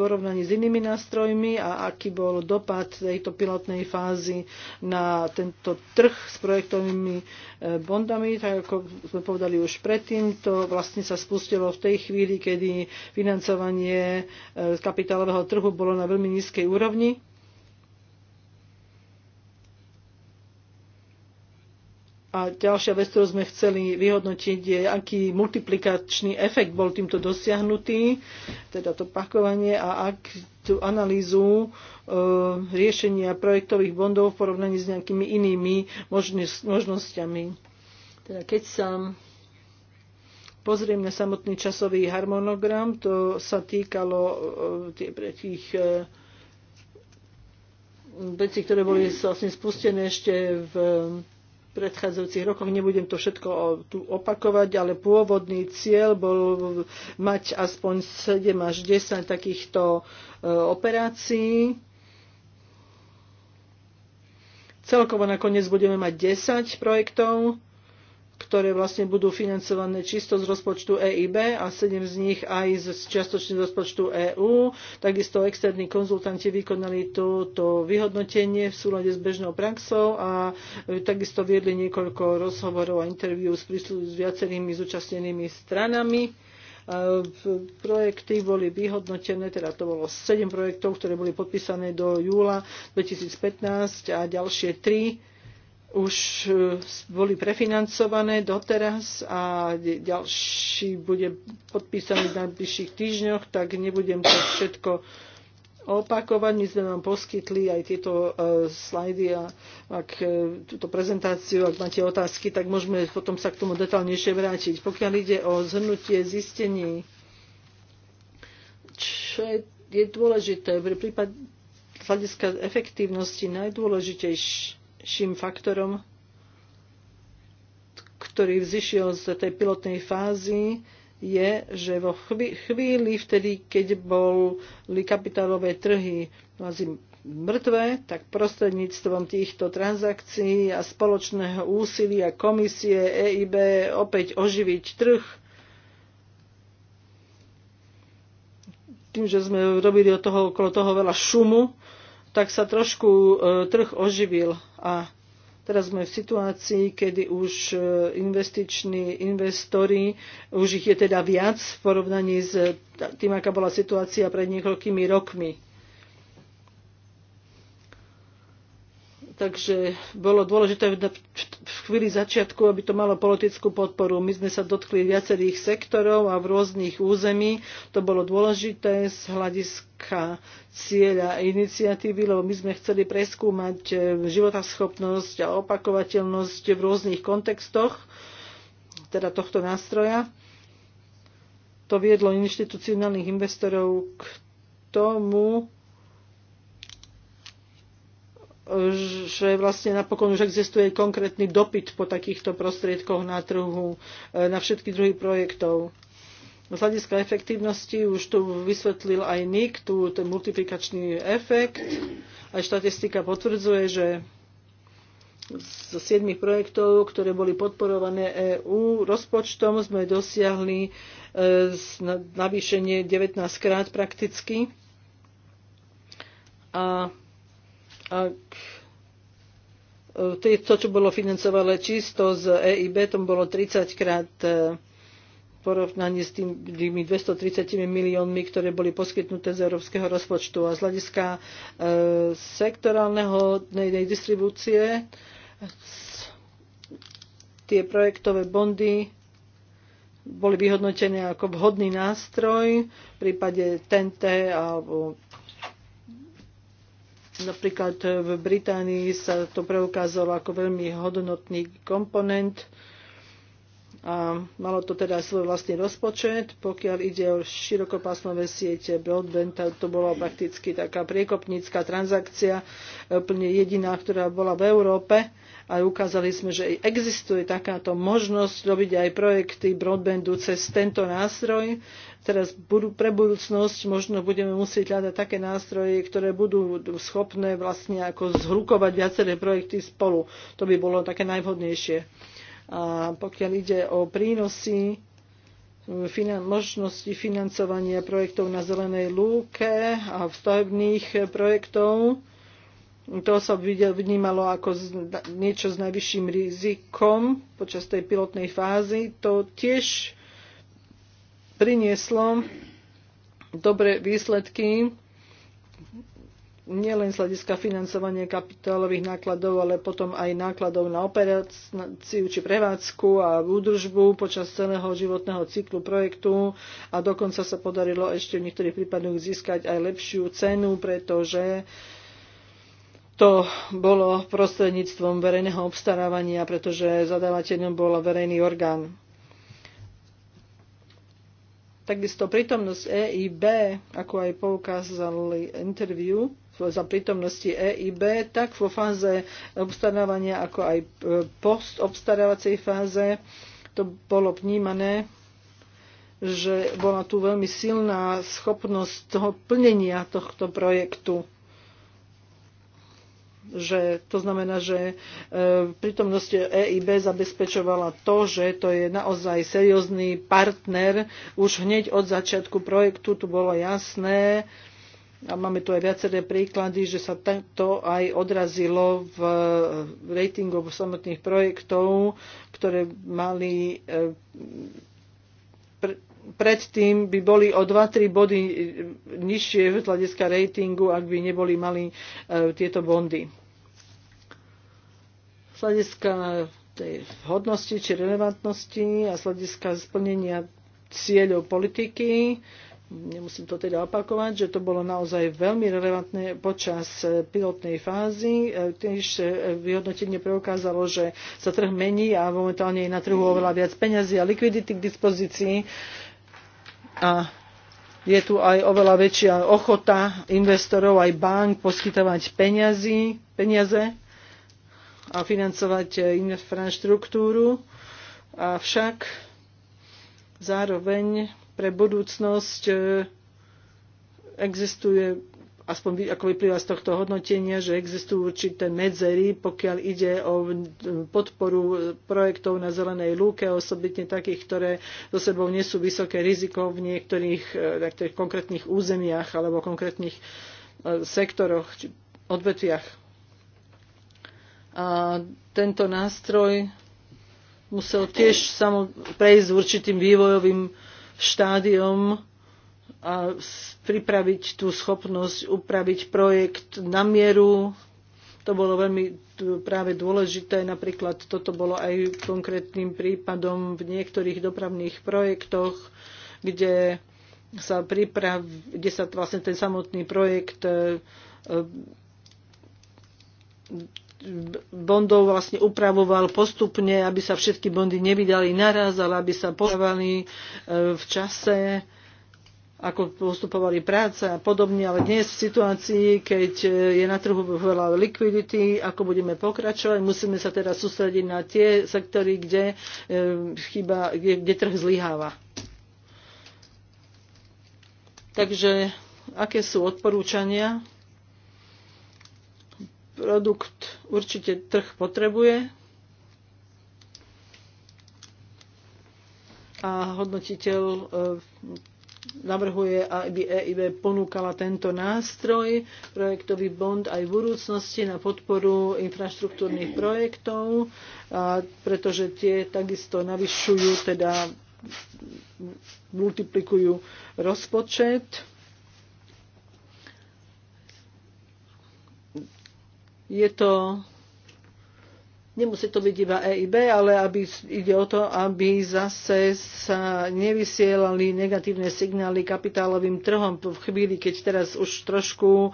porovnaní s inými nástrojmi a aký bol dopad tejto pilotnej fázy na tento trh s projektovými e, bondami. Tak ako sme povedali už predtým, to vlastne sa spustilo v tej chvíli, kedy financovanie e, kapitálového trhu bolo na veľmi nízkej úrovni A ďalšia vec, ktorú sme chceli vyhodnotiť, je, aký multiplikačný efekt bol týmto dosiahnutý, teda to pakovanie a ak tú analýzu e, riešenia projektových bondov v porovnaní s nejakými inými možnosť, možnosťami. Teda keď sa pozriem na samotný časový harmonogram, to sa týkalo e, tých e, veci, ktoré boli vlastne spustené ešte v e, predchádzajúcich rokoch. Nebudem to všetko tu opakovať, ale pôvodný cieľ bol mať aspoň 7 až 10 takýchto e, operácií. Celkovo nakoniec budeme mať 10 projektov ktoré vlastne budú financované čisto z rozpočtu EIB a 7 z nich aj z čiastočne z rozpočtu EÚ. Takisto externí konzultanti vykonali toto vyhodnotenie v súlade s bežnou praxou a e, takisto viedli niekoľko rozhovorov a interviú s, s viacerými zúčastnenými stranami e, projekty boli vyhodnotené, teda to bolo 7 projektov, ktoré boli podpísané do júla 2015 a ďalšie 3 už e, boli prefinancované doteraz a ďalší bude podpísaný v najbližších týždňoch, tak nebudem to všetko opakovať. My sme vám poskytli aj tieto uh, slajdy a ak, uh, túto prezentáciu, ak máte otázky, tak môžeme potom sa k tomu detálnejšie vrátiť. Pokiaľ ide o zhrnutie zistení, čo je, je dôležité, v prípade hľadiska efektívnosti najdôležitejšie najdôležitejším faktorom, ktorý vzýšiel z tej pilotnej fázy, je, že vo chvíli vtedy, keď boli kapitálové trhy mŕtve, tak prostredníctvom týchto transakcií a spoločného úsilia komisie EIB opäť oživiť trh. Tým, že sme robili od toho, okolo toho veľa šumu, tak sa trošku e, trh oživil a teraz sme v situácii, kedy už e, investiční investori, už ich je teda viac v porovnaní s tým, aká bola situácia pred niekoľkými rokmi. Takže bolo dôležité v chvíli začiatku, aby to malo politickú podporu. My sme sa dotkli viacerých sektorov a v rôznych území. To bolo dôležité z hľadiska cieľa iniciatívy, lebo my sme chceli preskúmať e, životaschopnosť a opakovateľnosť v rôznych kontextoch teda tohto nástroja. To viedlo inštitucionálnych investorov k tomu, že vlastne napokon už existuje konkrétny dopyt po takýchto prostriedkoch na trhu, e, na všetky druhy projektov. Z hľadiska efektívnosti už tu vysvetlil aj Nick, tu ten multiplikačný efekt. Aj štatistika potvrdzuje, že zo siedmých projektov, ktoré boli podporované EU rozpočtom, sme dosiahli e, navýšenie 19 krát prakticky. A ak e, to, čo bolo financované čisto z EIB, to bolo 30 krát e, porovnaní s tými 230 miliónmi, ktoré boli poskytnuté z európskeho rozpočtu. A z hľadiska e, sektorálneho nej, distribúcie tie projektové bondy boli vyhodnotené ako vhodný nástroj v prípade TNT alebo Napríklad e, v Británii sa to preukázalo ako veľmi hodnotný komponent a malo to teda svoj vlastný rozpočet. Pokiaľ ide o širokopásmové siete broadband, to bola prakticky taká priekopnícká transakcia, e, úplne jediná, ktorá bola v Európe a ukázali sme, že existuje takáto možnosť robiť aj projekty broadbandu cez tento nástroj teraz budú, pre budúcnosť možno budeme musieť hľadať také nástroje, ktoré budú schopné vlastne ako zhrukovať viaceré projekty spolu. To by bolo také najvhodnejšie. A pokiaľ ide o prínosy, finan- možnosti financovania projektov na zelenej lúke a stavebných projektov, to sa vnímalo ako niečo s najvyšším rizikom počas tej pilotnej fázy. To tiež prinieslo dobré výsledky nielen z hľadiska financovania kapitálových nákladov, ale potom aj nákladov na operáciu či prevádzku a údržbu počas celého životného cyklu projektu a dokonca sa podarilo ešte v niektorých prípadoch získať aj lepšiu cenu, pretože to bolo prostredníctvom verejného obstarávania, pretože zadávateľom bol verejný orgán. Takisto prítomnosť EIB, ako aj poukázali interviu, za prítomnosti EIB, tak vo fáze obstarávania, ako aj e, postobstarávacej fáze, to bolo vnímané, že bola tu veľmi silná schopnosť toho plnenia tohto projektu že to znamená, že e, prítomnosť EIB zabezpečovala to, že to je naozaj seriózny partner. Už hneď od začiatku projektu tu bolo jasné, a máme tu aj viaceré príklady, že sa to aj odrazilo v ratingoch samotných projektov, ktoré mali e, predtým by boli o 2-3 body nižšie z hľadiska ratingu, ak by neboli mali e, tieto bondy z hľadiska tej hodnosti či relevantnosti a z hľadiska splnenia cieľov politiky. Nemusím to teda opakovať, že to bolo naozaj veľmi relevantné počas eh, pilotnej fázy. Eh, tiež eh, vyhodnotenie preukázalo, že sa trh mení a momentálne je na trhu oveľa viac peňazí a likvidity k dispozícii. A je tu aj oveľa väčšia ochota investorov, aj bank poskytovať peniazy, peniaze a financovať e, infraštruktúru, avšak zároveň pre budúcnosť e, existuje aspoň ako vyplýva z tohto hodnotenia, že existujú určité medzery, pokiaľ ide o podporu e, projektov na zelenej lúke, osobitne takých, ktoré so sebou nesú vysoké riziko v niektorých, v niektorých konkrétnych územiach alebo konkrétnych sektoroch či odvetviach a tento nástroj musel tiež samo prejsť určitým vývojovým štádiom a pripraviť tú schopnosť upraviť projekt na mieru. To bolo veľmi práve dôležité. Napríklad toto bolo aj konkrétnym prípadom v niektorých dopravných projektoch, kde sa, priprav, kde sa vlastne ten samotný projekt e, e, bondov vlastne upravoval postupne, aby sa všetky bondy nevydali naraz, ale aby sa požívali e, v čase, ako postupovali práce a podobne. Ale dnes v situácii, keď e, je na trhu veľa likvidity, ako budeme pokračovať, musíme sa teraz sústrediť na tie sektory, kde, e, chyba, kde, kde trh zlyháva. Takže aké sú odporúčania? Produkt určite trh potrebuje a hodnotiteľ eh, navrhuje, aby EIB ponúkala tento nástroj, projektový bond aj v budúcnosti na podporu infraštruktúrnych projektov, pretože tie takisto navyšujú, teda multiplikujú rozpočet je to Nemusí to byť iba EIB, ale aby, ide o to, aby zase sa nevysielali negatívne signály kapitálovým trhom v chvíli, keď teraz už trošku e,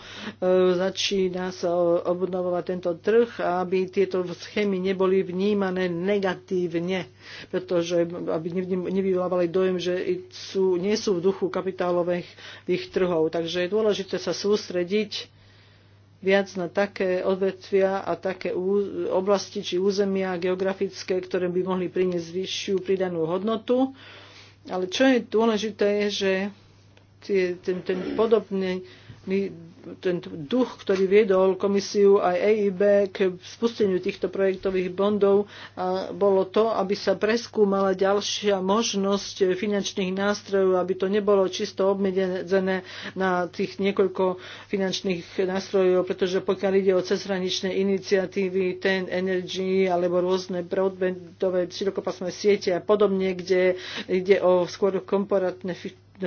začína sa obnovovať tento trh, aby tieto schémy neboli vnímané negatívne, pretože aby nevyvolávali dojem, že sú, nie sú v duchu kapitálových trhov. Takže je dôležité sa sústrediť viac na také odvetvia a také oblasti či územia geografické, ktoré by mohli priniesť vyššiu pridanú hodnotu. Ale čo je dôležité, je, že ten, ten podobný ten duch, ktorý viedol komisiu aj EIB k spusteniu týchto projektových bondov, bolo to, aby sa preskúmala ďalšia možnosť finančných nástrojov, aby to nebolo čisto obmedzené na tých niekoľko finančných nástrojov, pretože pokiaľ ide o cezhraničné iniciatívy, ten energy alebo rôzne broadbandové širokopasné siete a podobne, kde ide o skôr komporátne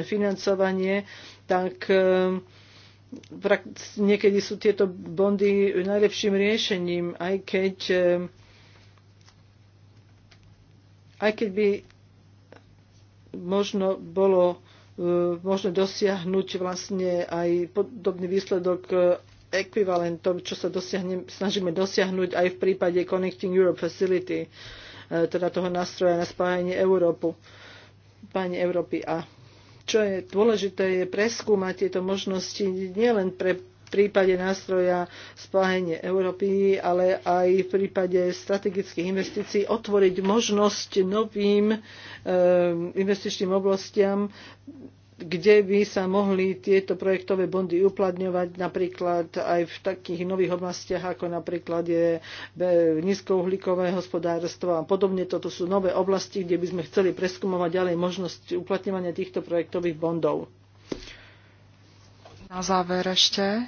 financovanie, tak ehm, niekedy sú tieto bondy najlepším riešením, aj keď, eh, aj keď by možno bolo eh, možno dosiahnuť vlastne aj podobný výsledok eh, ekvivalentom, čo sa dosiahne, snažíme dosiahnuť aj v prípade Connecting Europe Facility, teda toho nástroja na spájanie Európu, spájanie Európy a čo je dôležité, je preskúmať tieto možnosti nielen pre prípade nástroja spláhenie Európy, ale aj v prípade strategických investícií otvoriť možnosť novým e, investičným oblastiam kde by sa mohli tieto projektové bondy uplatňovať napríklad aj v takých nových oblastiach, ako napríklad je e, nízkouhlíkové hospodárstvo a podobne. Toto sú nové oblasti, kde by sme chceli preskúmovať ďalej možnosť uplatňovania týchto projektových bondov. Na záver ešte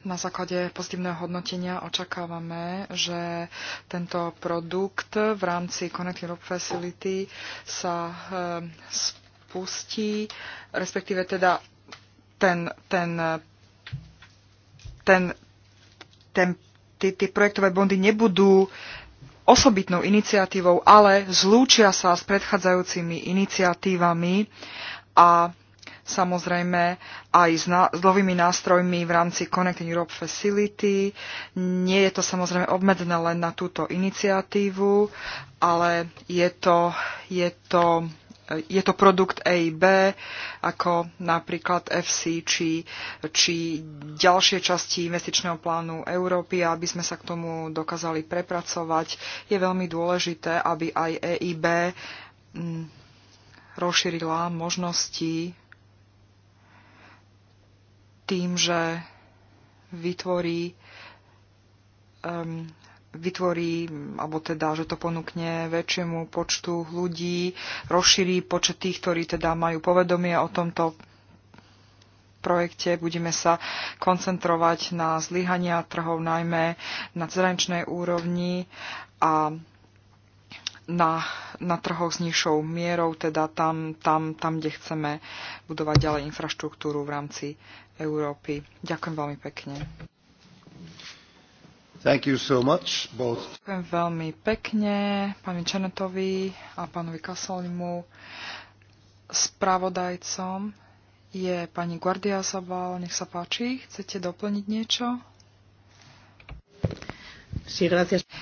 Na základe pozitívneho hodnotenia očakávame, že tento produkt v rámci Connect Europe Facility sa eh, spustí, respektíve teda ten, ten, ten, ten, tie projektové bondy nebudú osobitnou iniciatívou, ale zlúčia sa s predchádzajúcimi iniciatívami a samozrejme aj s, na, s novými nástrojmi v rámci Connecting Europe Facility. Nie je to samozrejme obmedzené len na túto iniciatívu, ale je to, je to, je to produkt EIB, ako napríklad FC či, či ďalšie časti investičného plánu Európy, aby sme sa k tomu dokázali prepracovať. Je veľmi dôležité, aby aj EIB mm, rozšírila možnosti tým, že vytvorí um, vytvorí, alebo teda, že to ponúkne väčšiemu počtu ľudí, rozšíri počet tých, ktorí teda majú povedomie o tomto projekte. Budeme sa koncentrovať na zlyhania trhov, najmä na zrančnej úrovni a na, na trhoch s nižšou mierou, teda tam, tam, tam, kde chceme budovať ďalej infraštruktúru v rámci Európy. Ďakujem veľmi pekne. Thank you so much, both. Ďakujem veľmi pekne pani Čenetovi a pánovi Kasolimu. Spravodajcom je pani Guardia Zabal. Nech sa páči, chcete doplniť niečo? Sí,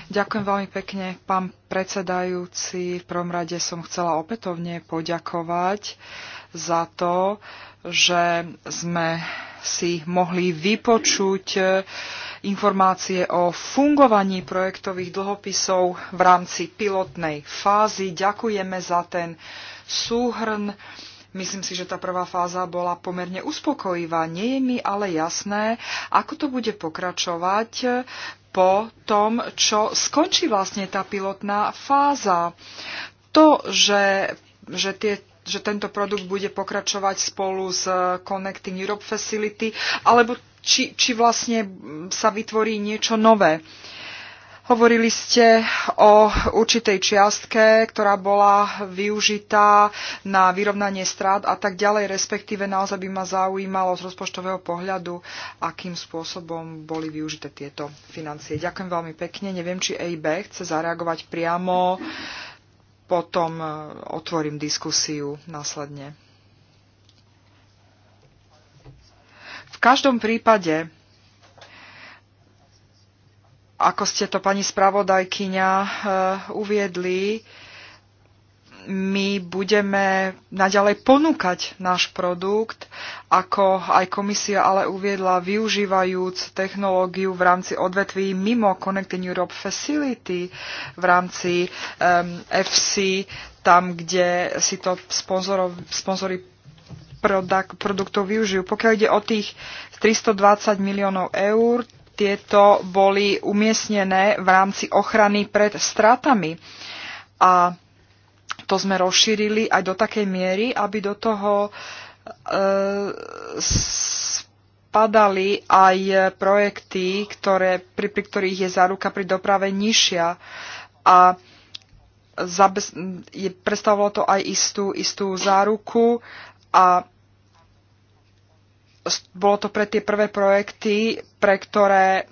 Ďakujem veľmi pekne, pán predsedajúci. V prvom rade som chcela opätovne poďakovať za to, že sme si mohli vypočuť eh, informácie o fungovaní projektových dlhopisov v rámci pilotnej fázy. Ďakujeme za ten súhrn. Myslím si, že tá prvá fáza bola pomerne uspokojivá. Nie je mi ale jasné, ako to bude pokračovať po tom, čo skončí vlastne tá pilotná fáza. To, že, že tie že tento produkt bude pokračovať spolu s Connecting Europe Facility, alebo či, či vlastne sa vytvorí niečo nové. Uh, Hovorili ste o určitej čiastke, ktorá bola využitá na vyrovnanie strát a tak ďalej, respektíve naozaj by ma zaujímalo z rozpočtového pohľadu, akým spôsobom boli využité tieto financie. Ďakujem veľmi pekne. Neviem, či EIB chce zareagovať priamo. Potom e, otvorím diskusiu následne. V každom prípade ako ste to pani spravodajkyňa eh, uviedli, my budeme naďalej ponúkať náš produkt, ako aj komisia ale uviedla, využívajúc technológiu v rámci odvetví mimo Connecting Europe Facility, v rámci um, eh, FC, tam, kde si to sponzory produktov využijú. Pokiaľ ide o tých 320 miliónov eur, tieto boli umiestnené v rámci ochrany pred stratami. A to sme rozšírili aj do takej miery, aby do toho e, spadali aj projekty, ktoré, pri, pri ktorých je záruka pri doprave nižšia. A zabez, je, predstavovalo to aj istú, istú záruku a bolo to pre tie prvé projekty, pre ktoré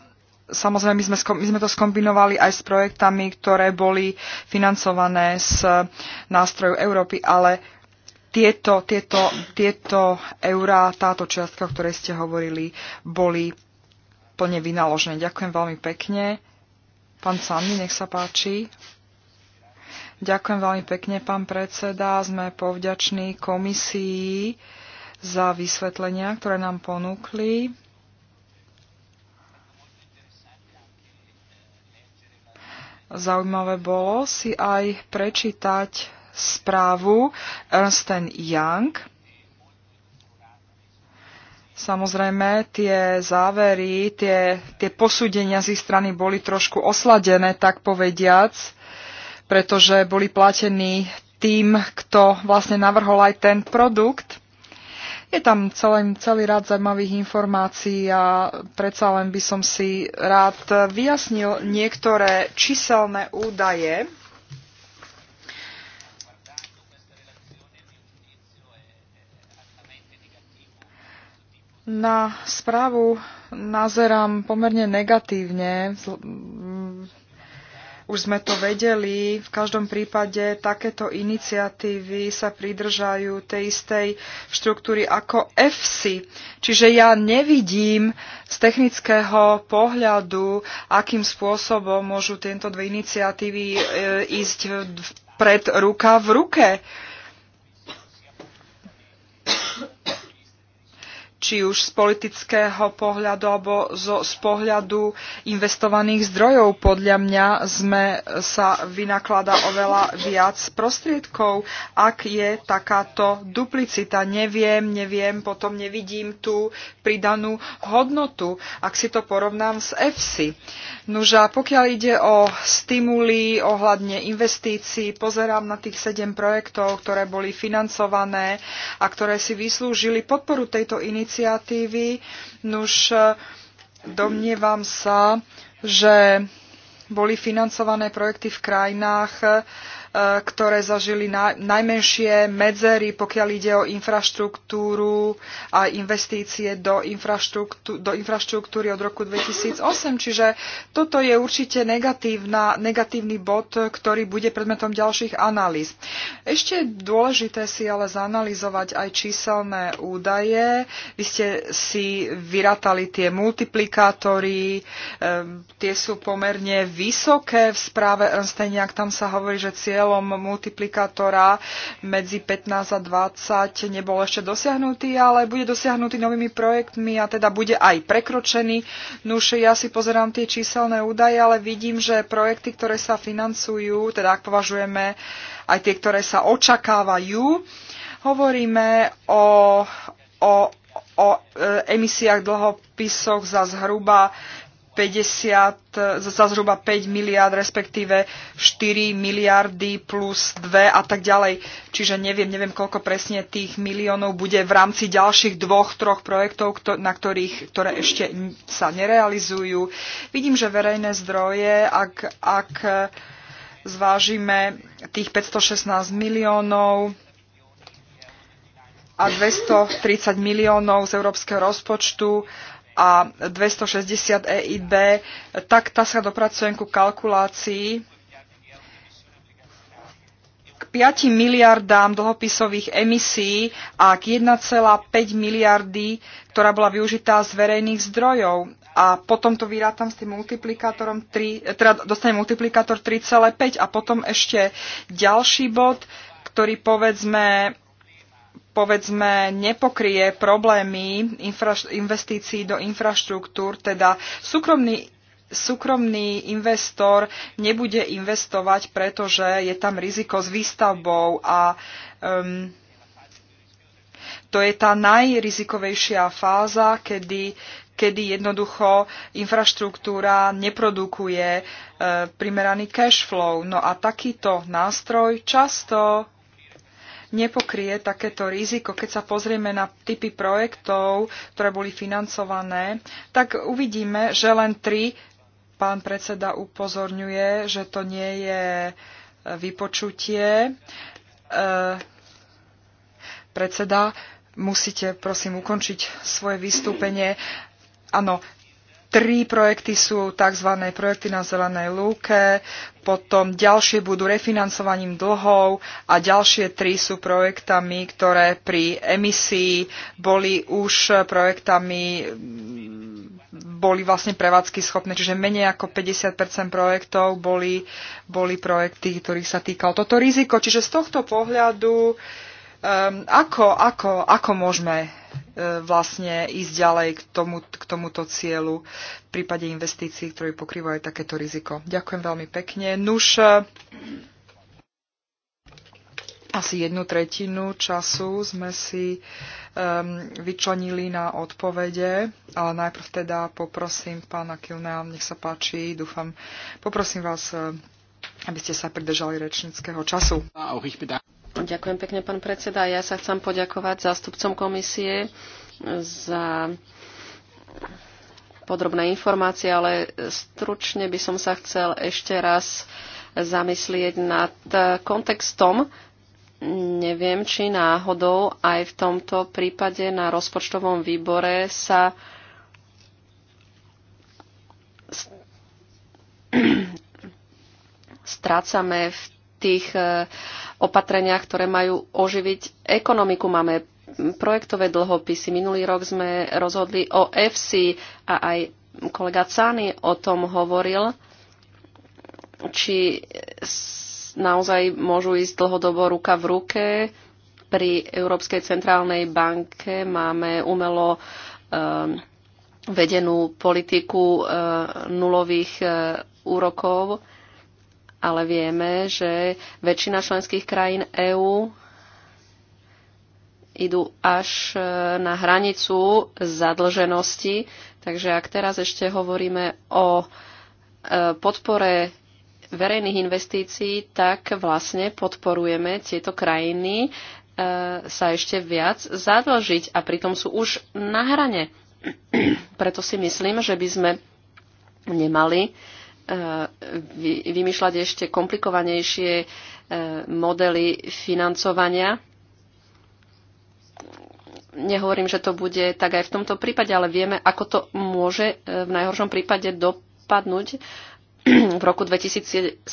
samozrejme my sme, my sme to skombinovali aj s projektami, ktoré boli financované z nástrojov Európy, ale tieto, tieto, tieto eurá, táto čiastka, o ktorej ste hovorili, boli plne vynaložené. Ďakujem veľmi pekne. Pán Sandy, nech sa páči. Ďakujem veľmi pekne, pán predseda. Sme povďační komisii za vysvetlenia, ktoré nám ponúkli. Zaujímavé bolo si aj prečítať správu Ernst Young. Samozrejme, tie závery, tie, tie posúdenia z ich strany boli trošku osladené, tak povediac, pretože boli platení tým, kto vlastne navrhol aj ten produkt. Je tam celý, celý rád zaujímavých informácií a predsa len by som si rád vyjasnil niektoré číselné údaje. Na správu nazerám pomerne negatívne už sme to vedeli. V každom prípade takéto iniciatívy sa pridržajú tej istej štruktúry ako EFSI. Čiže ja nevidím z technického pohľadu, akým spôsobom môžu tieto dve iniciatívy e, ísť pred ruka v ruke. či už z politického pohľadu alebo zo, z pohľadu investovaných zdrojov. Podľa mňa sme, sa vynaklada oveľa viac prostriedkov, ak je takáto duplicita. Neviem, neviem, potom nevidím tú pridanú hodnotu, ak si to porovnám s EFSI. Nuž a pokiaľ ide o stimuly ohľadne investícií, pozerám na tých sedem projektov, ktoré boli financované a ktoré si vyslúžili podporu tejto iniciatívy iniciatívy. Nuž e, domnievam sa, že boli financované projekty v krajinách, Eh, ktoré zažili najmenšie medzery, pokiaľ ide o infraštruktúru a investície do, infraštruktú, do infraštruktúry od roku 2008. Čiže toto je určite negatívna, negatívny bod, ktorý bude predmetom ďalších analýz. Ešte je dôležité si ale zanalizovať aj číselné údaje. Vy ste si vyratali tie multiplikátory, eh, tie sú pomerne vysoké. V správe Ernsteniak tam sa hovorí, že cieľ cieľom multiplikátora medzi 15 a 20 nebol ešte dosiahnutý, ale bude dosiahnutý novými projektmi a teda bude aj prekročený. Nuž, ja si pozerám tie číselné údaje, ale vidím, že projekty, ktoré sa financujú, teda ak považujeme aj tie, ktoré sa očakávajú, hovoríme o, o o e, emisiách dlhopisoch za zhruba 50, za zhruba 5 miliard, respektíve 4 miliardy plus 2 a tak ďalej. Čiže neviem, neviem, koľko presne tých miliónov bude v rámci ďalších dvoch, troch projektov, na ktorých, ktoré ešte sa nerealizujú. Vidím, že verejné zdroje, ak, ak e, zvážime tých 516 miliónov, a 230 miliónov z európskeho rozpočtu a 260 EIB, tak tá sa dopracujem ku kalkulácii k 5 miliardám dlhopisových emisí a k 1,5 miliardy, ktorá bola využitá z verejných zdrojov. A potom to vyrátam s tým multiplikátorom 3, teda dostanem multiplikátor 3,5 a potom ešte ďalší bod, ktorý povedzme povedzme, nepokrie problémy investícií do infraštruktúr, teda súkromný súkromný investor nebude investovať, pretože je tam riziko s výstavbou a um, to je tá najrizikovejšia fáza, kedy, kedy jednoducho infraštruktúra neprodukuje uh, primeraný cash flow. No a takýto nástroj často nepokrie takéto riziko. Keď sa pozrieme na typy projektov, ktoré boli financované, tak uvidíme, že len tri pán predseda upozorňuje, že to nie je e, vypočutie. E, predseda, musíte prosím ukončiť svoje vystúpenie. Áno, Tri projekty sú tzv. projekty na zelenej lúke, potom ďalšie budú refinancovaním dlhov a ďalšie tri sú projektami, ktoré pri emisii boli už projektami, boli vlastne prevádzky schopné, čiže menej ako 50% projektov boli, boli projekty, ktorých sa týkal toto riziko. Čiže z tohto pohľadu uh, Um, ako, ako, ako môžeme uh, vlastne ísť ďalej k, tomu, k tomuto cieľu v prípade investícií, ktoré pokrývajú takéto riziko? Ďakujem veľmi pekne. Nuž, uh, asi jednu tretinu času sme si um, vyčlenili na odpovede, ale najprv teda poprosím pána Kilnea, nech sa páči, dúfam, poprosím vás, uh, aby ste sa pridržali rečníckého času. Ďakujem pekne, pán predseda. Ja sa chcem poďakovať zástupcom komisie za podrobné informácie, ale stručne by som sa chcel ešte raz zamyslieť nad kontextom. Neviem, či náhodou aj v tomto prípade na rozpočtovom výbore sa strácame v tých e, opatreniach, ktoré majú oživiť ekonomiku. Máme projektové dlhopisy. Minulý rok sme rozhodli o FC a aj kolega Cány o tom hovoril, či naozaj môžu ísť dlhodobo ruka v ruke. Pri Európskej centrálnej banke máme umelo um, vedenú politiku uh, nulových uh, úrokov ale vieme, že väčšina členských krajín EÚ idú až e, na hranicu zadlženosti. Takže ak teraz ešte hovoríme o e, podpore verejných investícií, tak vlastne podporujeme tieto krajiny e, sa ešte viac zadlžiť a pritom sú už na hrane. Preto si myslím, že by sme nemali uh, vymýšľať ešte komplikovanejšie e, modely financovania. Nehovorím, že to bude tak aj v tomto prípade, ale vieme, ako to môže e, v najhoršom prípade dopadnúť v roku 2007.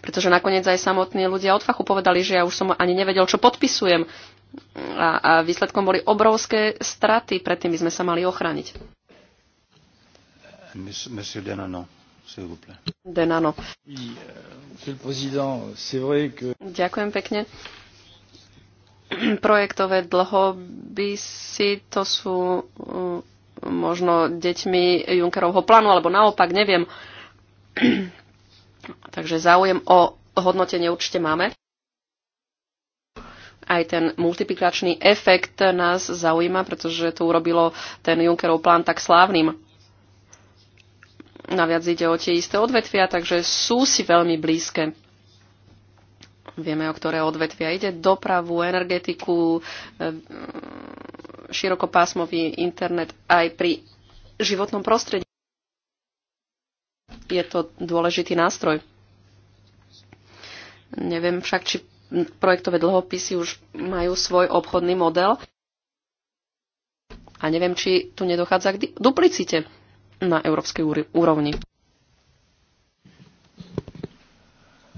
Pretože nakoniec aj samotní ľudia od fachu povedali, že ja už som ani nevedel, čo podpisujem. A, a výsledkom boli obrovské straty, predtým by sme sa mali ochrániť. Monsieur Denano, s'il vous plaît. Denano. Euh, Monsieur le Président, c'est vrai que... Ďakujem pekne. Projektové si to sú mm, možno deťmi Junckerovho plánu, alebo naopak, neviem. Takže záujem o hodnotenie určite máme aj ten multiplikačný efekt nás zaujíma, pretože to urobilo ten Junckerov plán tak slávnym. Naviac ide o tie isté odvetvia, takže sú si veľmi blízke. Vieme, o ktoré odvetvia ide. Dopravu, energetiku, eh, širokopásmový internet aj pri životnom prostredí. Je to dôležitý nástroj. Neviem však, či projektové dlhopisy už majú svoj obchodný model. A neviem, či tu nedochádza k duplicite na európskej úrovni.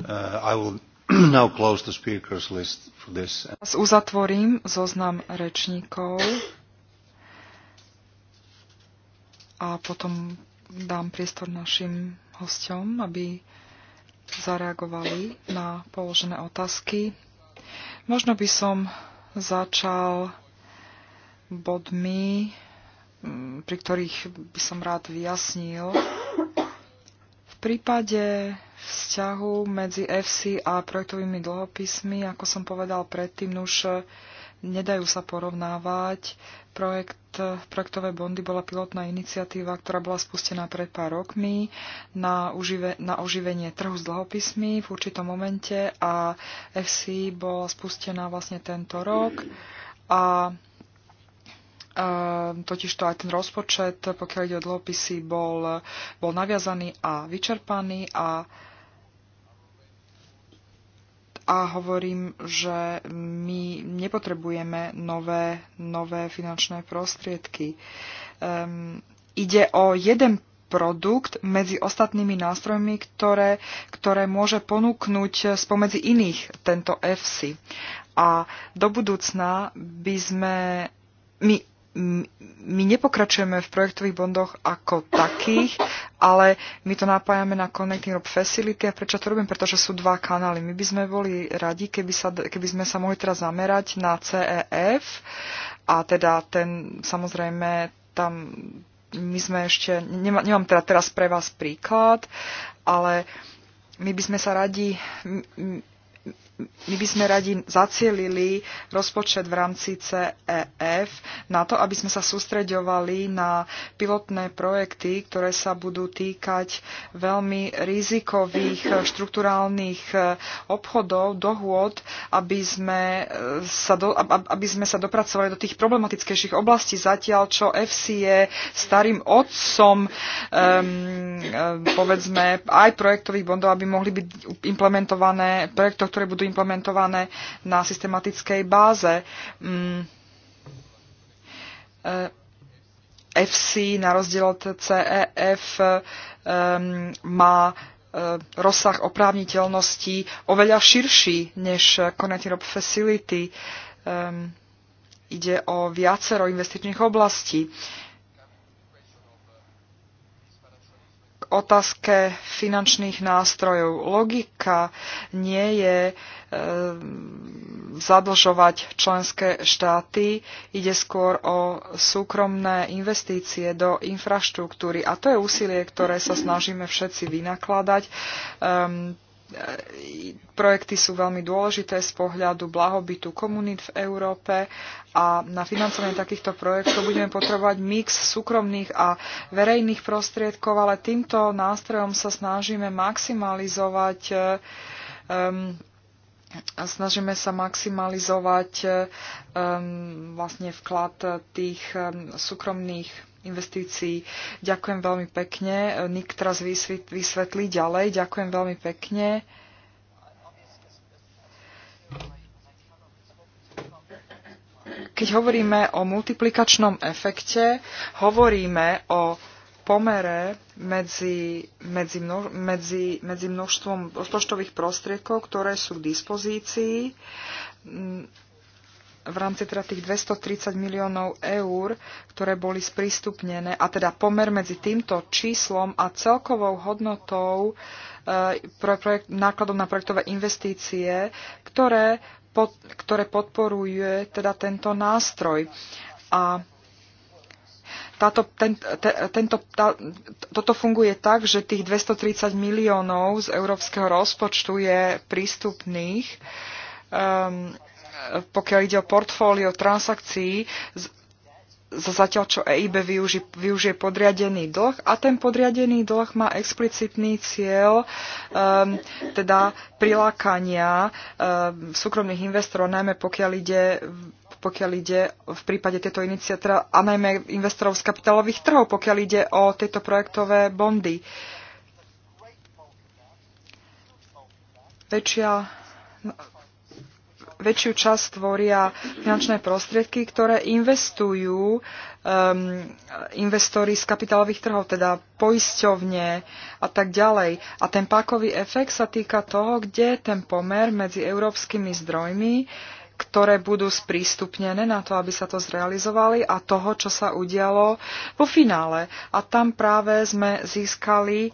Vás uh, uzatvorím zoznam rečníkov a potom dám priestor našim hosťom, aby zareagovali na položené otázky. Možno by som začal bodmi, Mm, pri ktorých by som rád vyjasnil. V prípade vzťahu medzi FC a projektovými dlhopismi, ako som povedal predtým, no už eh, nedajú sa porovnávať. Projekt, eh, projektové bondy bola pilotná iniciatíva, ktorá bola spustená pred pár rokmi na, užive, na oživenie trhu s dlhopismi v určitom momente a FC bola spustená vlastne tento rok a Ehm, totiž to aj ten rozpočet, pokiaľ ide o dlhopisy, bol, bol naviazaný a vyčerpaný a a hovorím, že my nepotrebujeme nové, nové finančné prostriedky. Um, ide o jeden produkt medzi ostatnými nástrojmi, ktoré, ktoré môže ponúknuť spomedzi iných tento EFSI. A do budúcna by sme my my nepokračujeme v projektových bondoch ako takých, ale my to napájame na Connecting Europe Facility. A prečo to robím? Pretože sú dva kanály. My by sme boli radi, keby, sa, keby sme sa mohli teraz zamerať na CEF a teda ten, samozrejme, tam my sme ešte, nemá, nemám teda teraz pre vás príklad, ale my by sme sa radi, my by sme radi zacielili rozpočet v rámci CEF na to, aby sme sa sústreďovali na pilotné projekty, ktoré sa budú týkať veľmi rizikových štruktúrálnych e, obchodov, dohôd, aby sme e, sa, do, aby sme sa dopracovali do tých problematickejších oblastí zatiaľ, čo FC je starým otcom um, povedzme aj projektových bondov, aby mohli byť implementované projektov, ktoré budú implementované na systematickej báze. Mm. E, FC na rozdiel od CEF má e, rozsah oprávniteľnosti oveľa širší než Connecting Europe Facility. Ide o viacero investičných oblastí. otázke finančných nástrojov. Logika nie je e, zadlžovať členské štáty, ide skôr o súkromné investície do infraštruktúry a to je úsilie, ktoré sa snažíme všetci vynakladať. E, E, projekty sú veľmi dôležité z pohľadu blahobytu komunít v Európe a na financovanie takýchto projektov budeme potrebovať mix súkromných a verejných prostriedkov, ale týmto nástrojom sa snažíme maximalizovať um, snažíme sa maximalizovať um, vlastne vklad tých um, súkromných investícií. Ďakujem veľmi pekne. Nik teraz vysvetlí ďalej. Ďakujem veľmi pekne. Keď hovoríme o multiplikačnom efekte, hovoríme o pomere medzi, medzi, množ, medzi, medzi množstvom rozpočtových prostriedkov, ktoré sú k dispozícii v rámci teda tých 230 miliónov eur, ktoré boli sprístupnené, a teda pomer medzi týmto číslom a celkovou hodnotou e, projekt, nákladov na projektové investície, ktoré, pod, ktoré podporuje teda tento nástroj. A táto, ten, te, tento, tá, toto funguje tak, že tých 230 miliónov z európskeho rozpočtu je prístupných. Um, pokiaľ ide o portfólio transakcií, zatiaľ čo EIB využi, využije podriadený dlh a ten podriadený dlh má explicitný cieľ um, teda prilákania um, súkromných investorov, najmä pokiaľ ide pokiaľ ide v prípade tejto iniciatíva a najmä investorov z kapitálových trhov, pokiaľ ide o tieto projektové bondy. Väčšia no, väčšiu časť tvoria finančné prostriedky, ktoré investujú um, investori z kapitálových trhov, teda poisťovne a tak ďalej. A ten pákový efekt sa týka toho, kde je ten pomer medzi európskymi zdrojmi ktoré budú sprístupnené na to, aby sa to zrealizovali a toho, čo sa udialo vo finále. A tam práve sme získali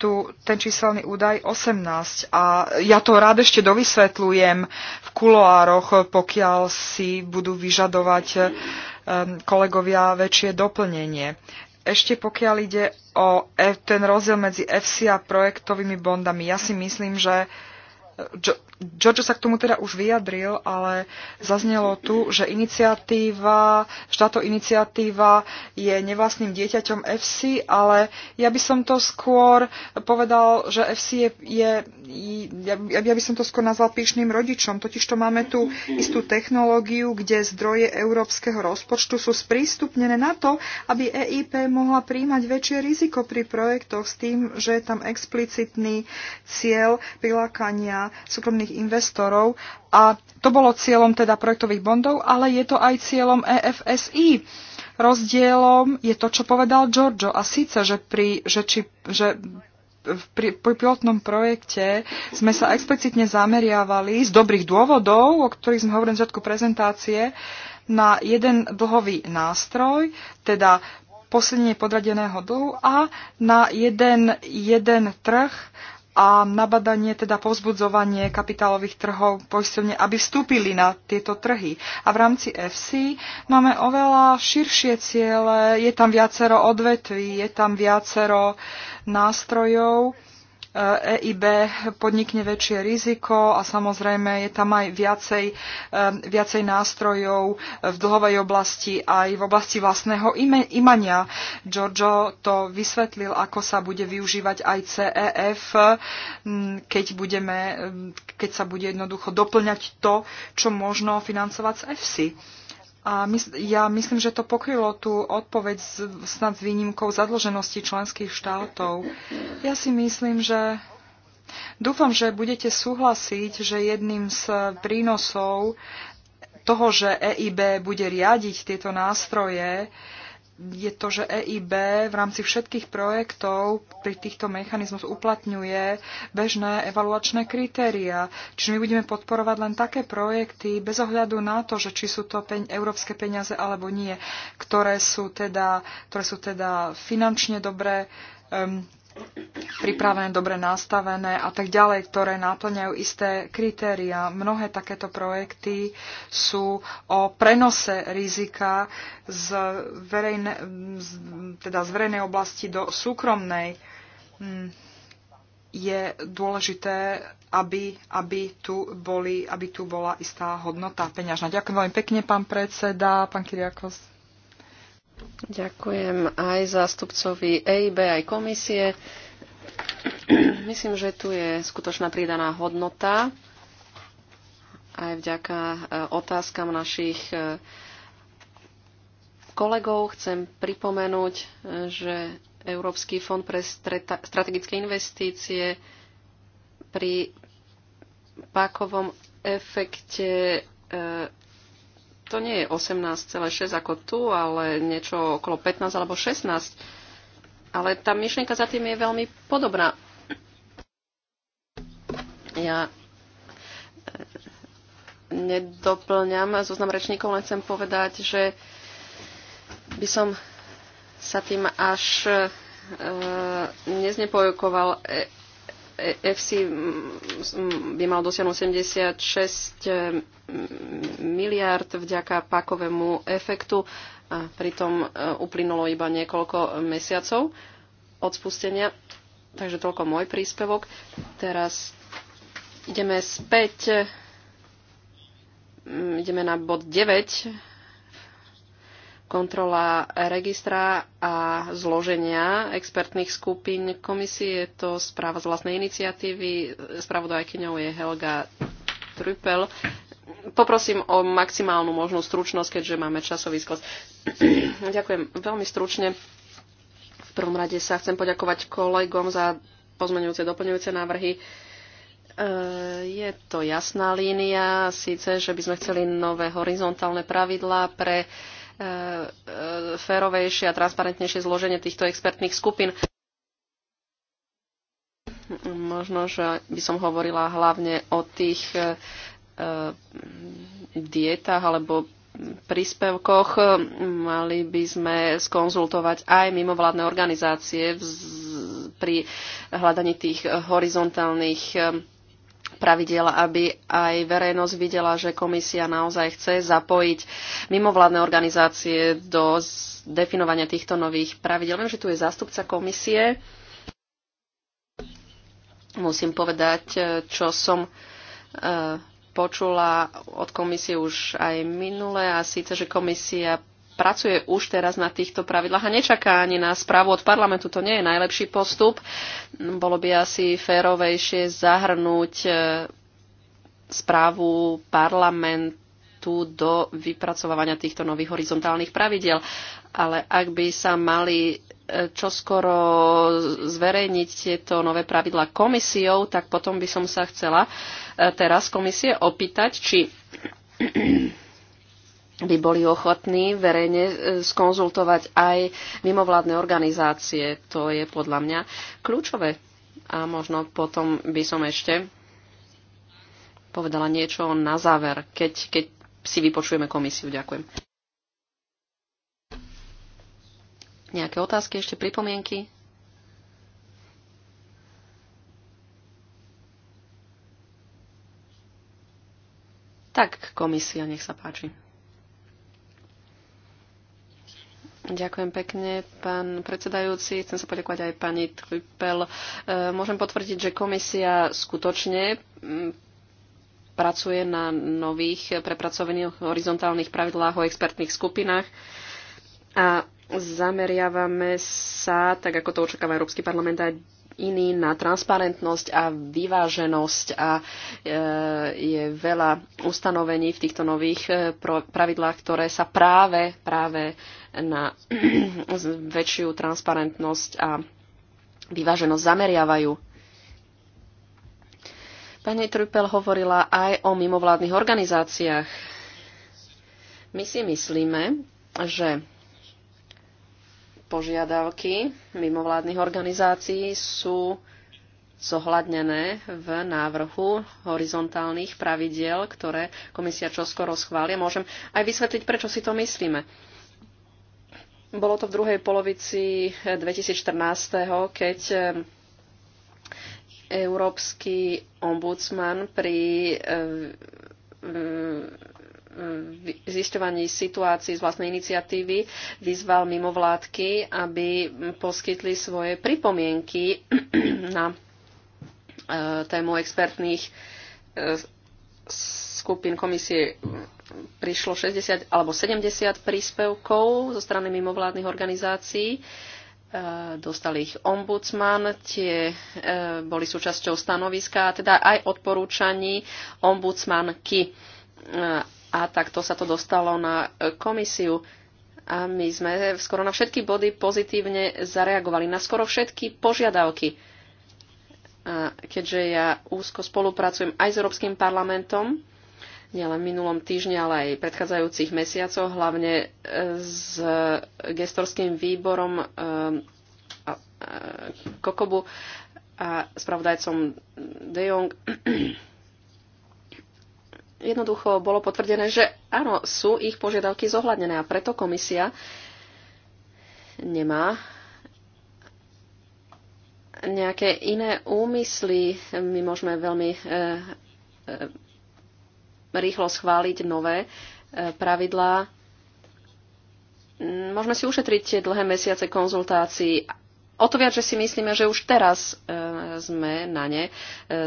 tu ten číselný údaj 18 a ja to rád ešte dovysvetľujem v kuloároch, pokiaľ si budú vyžadovať eh, kolegovia väčšie doplnenie. Ešte pokiaľ ide o e, ten rozdiel medzi FC a projektovými bondami, ja si myslím, že Giorgio sa k tomu teda už vyjadril, ale zaznelo tu, že iniciatíva, štáto iniciatíva je nevlastným dieťaťom FC, ale ja by som to skôr povedal, že FC je, je ja, ja by som to skôr nazval píšným rodičom. Totižto máme tu istú technológiu, kde zdroje európskeho rozpočtu sú sprístupnené na to, aby EIP mohla príjmať väčšie riziko pri projektoch s tým, že je tam explicitný cieľ prilákania súkromných investorov a to bolo cieľom teda projektových bondov, ale je to aj cieľom EFSI. Rozdielom je to, čo povedal Giorgio a síce, že, pri, že, či, že v pilotnom projekte sme sa explicitne zameriavali z dobrých dôvodov, o ktorých sme hovorili v začiatku prezentácie, na jeden dlhový nástroj, teda posilnenie podradeného dlhu a na jeden, jeden trh a nabadanie, teda povzbudzovanie kapitálových trhov poistovne, aby vstúpili na tieto trhy. A v rámci FC máme oveľa širšie ciele, je tam viacero odvetví, je tam viacero nástrojov EIB podnikne väčšie riziko a samozrejme je tam aj viacej, e, viacej nástrojov v dlhovej oblasti aj v oblasti vlastného imania. Giorgio to vysvetlil, ako sa bude využívať aj CEF, keď, budeme, keď sa bude jednoducho doplňať to, čo možno financovať z EFSI. A mysl- ja myslím, že to pokrylo tú odpoveď s, snad s výnimkou zadlženosti členských štátov. Ja si myslím, že dúfam, že budete súhlasiť, že jedným z prínosov toho, že EIB bude riadiť tieto nástroje, je to, že EIB v rámci všetkých projektov pri týchto mechanizmoch uplatňuje bežné evaluačné kritéria. Čiže my budeme podporovať len také projekty bez ohľadu na to, že či sú to peň, európske peniaze alebo nie, ktoré sú teda, ktoré sú teda finančne dobré. um, pripravené, dobre nastavené a tak ďalej, ktoré náplňajú isté kritéria. Mnohé takéto projekty sú o prenose rizika z, verejne, z, teda z verejnej oblasti do súkromnej. Hmm. Je dôležité, aby, aby, tu boli, aby tu bola istá hodnota peňažná. Ďakujem veľmi pekne, pán predseda, pán Kiriakos. Ďakujem aj zástupcovi EIB, aj komisie. Myslím, že tu je skutočná pridaná hodnota aj vďaka e, otázkam našich e, kolegov chcem pripomenúť, e, že Európsky fond pre strategické investície pri pákovom efekte to nie je 18,6 ako tu, ale niečo okolo 15 alebo 16. Ale tá myšlienka za tým je veľmi podobná. Ja e, nedoplňam zoznam rečníkov, len chcem povedať, že by som sa tým až e, neznepojokoval. E, EFSI by mal dosiahnuť 76 eh, miliard vďaka pakovému efektu a pritom eh, uplynulo iba niekoľko mesiacov od spustenia. Takže toľko môj príspevok. Teraz ideme späť. Mm, ideme na bod 9 kontrola registra a zloženia expertných skupín komisie. Je to správa z vlastnej iniciatívy. Spravodajkyňou je Helga Trupel. Poprosím o maximálnu možnú stručnosť, keďže máme časový skos. Ďakujem veľmi stručne. V prvom rade sa chcem poďakovať kolegom za pozmeňujúce, doplňujúce návrhy. E, je to jasná línia, síce, že by sme chceli nové horizontálne pravidlá pre E, e, férovejšie a transparentnejšie zloženie týchto expertných skupín. Možno, že by som hovorila hlavne o tých e, dietách alebo príspevkoch. Mali by sme skonzultovať aj mimovládne organizácie pri hľadaní tých horizontálnych pravidel, aby aj verejnosť videla, že komisia naozaj chce zapojiť mimovládne organizácie do definovania týchto nových pravidel. Viem, že tu je zástupca komisie. Musím povedať, e, čo som e, počula od komisie už aj minule a síce, že komisia pracuje už teraz na týchto pravidlách a nečaká ani na správu od parlamentu. To nie je najlepší postup. Bolo by asi férovejšie zahrnúť e, správu parlamentu do vypracovania týchto nových horizontálnych pravidel. Ale ak by sa mali e, čoskoro zverejniť tieto nové pravidla komisiou, tak potom by som sa chcela e, teraz komisie opýtať, či by boli ochotní verejne e, skonzultovať aj mimovládne organizácie. To je podľa mňa kľúčové. A možno potom by som ešte povedala niečo na záver, keď, keď si vypočujeme komisiu. Ďakujem. Nejaké otázky, ešte pripomienky? Tak, komisia, nech sa páči. Ďakujem pekne, pán predsedajúci. Chcem sa poďakovať aj pani Trupel. E, môžem potvrdiť, že komisia skutočne pracuje na nových prepracovaných horizontálnych pravidlách o expertných skupinách a zameriavame sa, tak ako to očakáva Európsky parlament, aj iný na transparentnosť a vyváženosť a e, je veľa ustanovení v týchto nových e, pravidlách, ktoré sa práve, práve na väčšiu transparentnosť a vyváženosť zameriavajú. Pani Trupel hovorila aj o mimovládnych organizáciách. My si myslíme, že požiadavky mimovládnych organizácií sú zohľadnené v návrhu horizontálnych pravidiel, ktoré komisia čoskoro schvália. Môžem aj vysvetliť, prečo si to myslíme. Bolo to v druhej polovici 2014, keď eh, Európsky ombudsman pri eh, zisťovaní situácií z vlastnej iniciatívy vyzval mimovládky, aby poskytli svoje pripomienky na e, tému expertných e, skupín komisie prišlo 60 alebo 70 príspevkov zo strany mimovládnych organizácií. E, dostal ich ombudsman, tie boli súčasťou stanoviska, a teda aj odporúčaní ombudsmanky a takto sa to dostalo na e, komisiu. A my sme skoro na všetky body pozitívne zareagovali, na skoro všetky požiadavky. A keďže ja úzko spolupracujem aj s Európskym parlamentom, nielen minulom týždni, ale aj predchádzajúcich mesiacoch, hlavne e, s gestorským výborom e, Kokobu a spravodajcom De Jong jednoducho bolo potvrdené, že áno, sú ich požiadavky zohľadnené a preto komisia nemá nejaké iné úmysly. My môžeme veľmi e, e, rýchlo schváliť nové e, pravidlá. Môžeme si ušetriť tie dlhé mesiace konzultácií. O to viac, že si myslíme, že už teraz e, sme na ne e,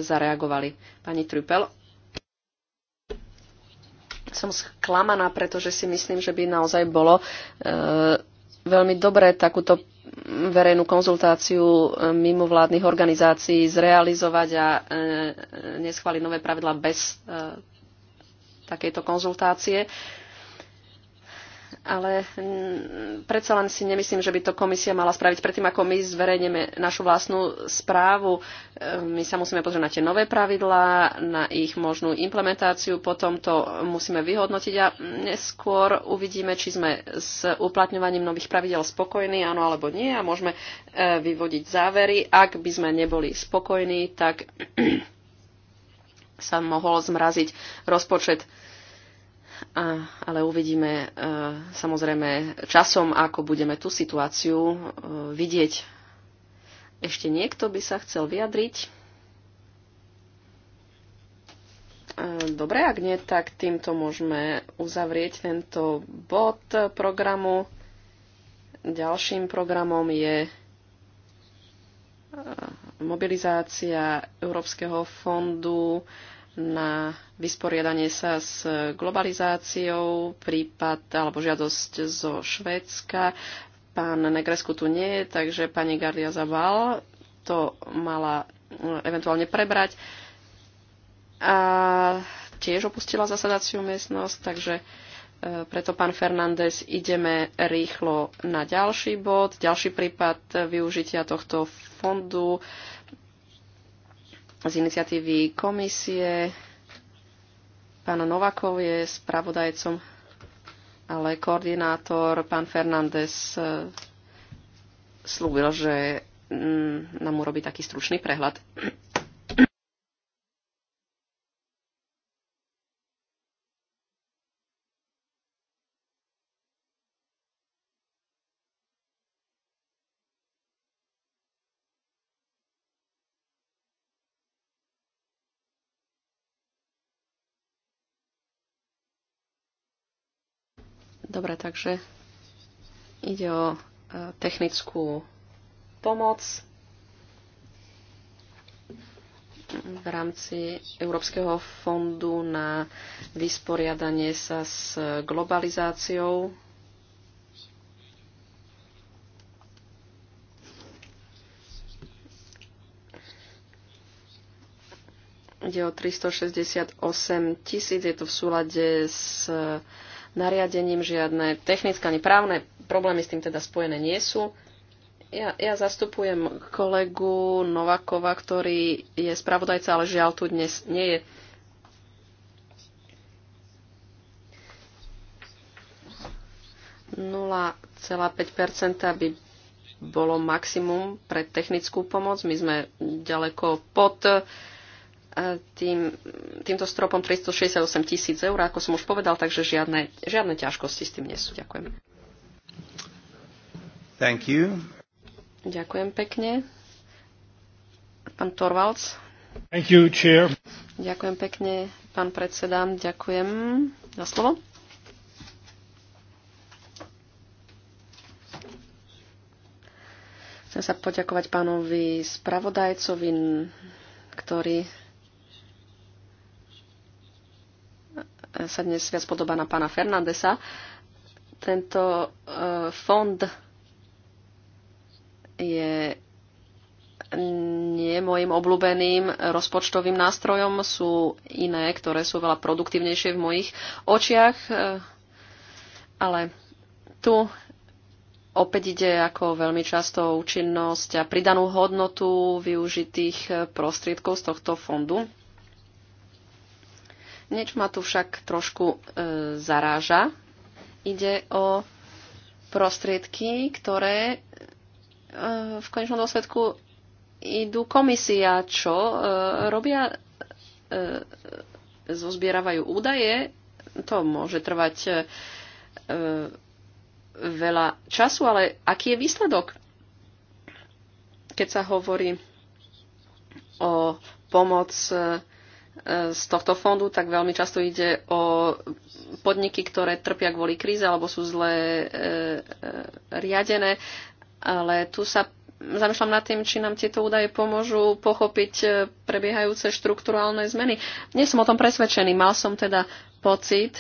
zareagovali. Pani Trupel, som sklamaná, pretože si myslím, že by naozaj bolo e, veľmi dobré takúto verejnú konzultáciu e, mimovládnych organizácií zrealizovať a e, neschváliť nové pravidla bez e, takejto konzultácie. E, ale mm, predsa len si nemyslím, že by to komisia mala spraviť predtým, ako my zverejneme našu vlastnú správu. Ehm, my sa musíme pozrieť na tie nové pravidlá, na ich možnú implementáciu, potom to musíme vyhodnotiť a neskôr uvidíme, či sme s uplatňovaním nových pravidel spokojní, áno alebo nie a môžeme e, vyvodiť závery. Ak by sme neboli spokojní, tak sa mohol zmraziť rozpočet a, ale uvidíme e, samozrejme časom, ako budeme tú situáciu e, vidieť. Ešte niekto by sa chcel vyjadriť? E, dobre, ak nie, tak týmto môžeme uzavrieť tento bod programu. Ďalším programom je e, mobilizácia Európskeho fondu na vysporiadanie sa s globalizáciou, prípad alebo žiadosť zo Švédska. Pán Negresku tu nie je, takže pani Gardia Zabal to mala eh, eventuálne prebrať. A tiež opustila zasadaciu miestnosť, takže eh, preto, pán Fernández, ideme rýchlo na ďalší bod. Ďalší prípad využitia tohto fondu z iniciatívy komisie. Pán Novakov je spravodajcom, ale koordinátor pán Fernández e, slúbil, že mm, nám urobí taký stručný prehľad. Dobre, takže ide o e, technickú pomoc v rámci Európskeho fondu na vysporiadanie sa s globalizáciou. Ide o 368 tisíc, je to v súlade s nariadením, žiadne technické ani právne problémy s tým teda spojené nie sú. Ja, ja zastupujem kolegu Novakova, ktorý je spravodajca, ale žiaľ tu dnes nie je. 0,5% by bolo maximum pre technickú pomoc. My sme ďaleko pod E, tým, týmto stropom 368 tisíc eur, ako som už povedal, takže žiadne, žiadne ťažkosti s tým nie sú. Ďakujem. Thank you. Ďakujem pekne. Pán Torvalds. Thank you, chair. Ďakujem pekne, pán predseda. Ďakujem za slovo. Chcem sa poďakovať pánovi spravodajcovi, ktorý sa dnes viac podobá na pána Fernandesa. Tento e, fond je nie môjim obľúbeným rozpočtovým nástrojom, sú iné, ktoré sú veľa produktívnejšie v mojich očiach, e, ale tu opäť ide ako veľmi často účinnosť a pridanú hodnotu využitých e, prostriedkov z tohto fondu. Niečo ma tu však trošku e, zaráža. Ide o prostriedky, ktoré e, v konečnom dôsledku idú komisia, čo e, robia, e, zozbieravajú údaje, to môže trvať e, veľa času, ale aký je výsledok, keď sa hovorí o pomoc e, z tohto fondu, tak veľmi často ide o podniky, ktoré trpia kvôli kríze alebo sú zle e, e, riadené. Ale tu sa zamýšľam nad tým, či nám tieto údaje pomôžu pochopiť e, prebiehajúce štruktúrálne zmeny. Nie som o tom presvedčený. Mal som teda pocit,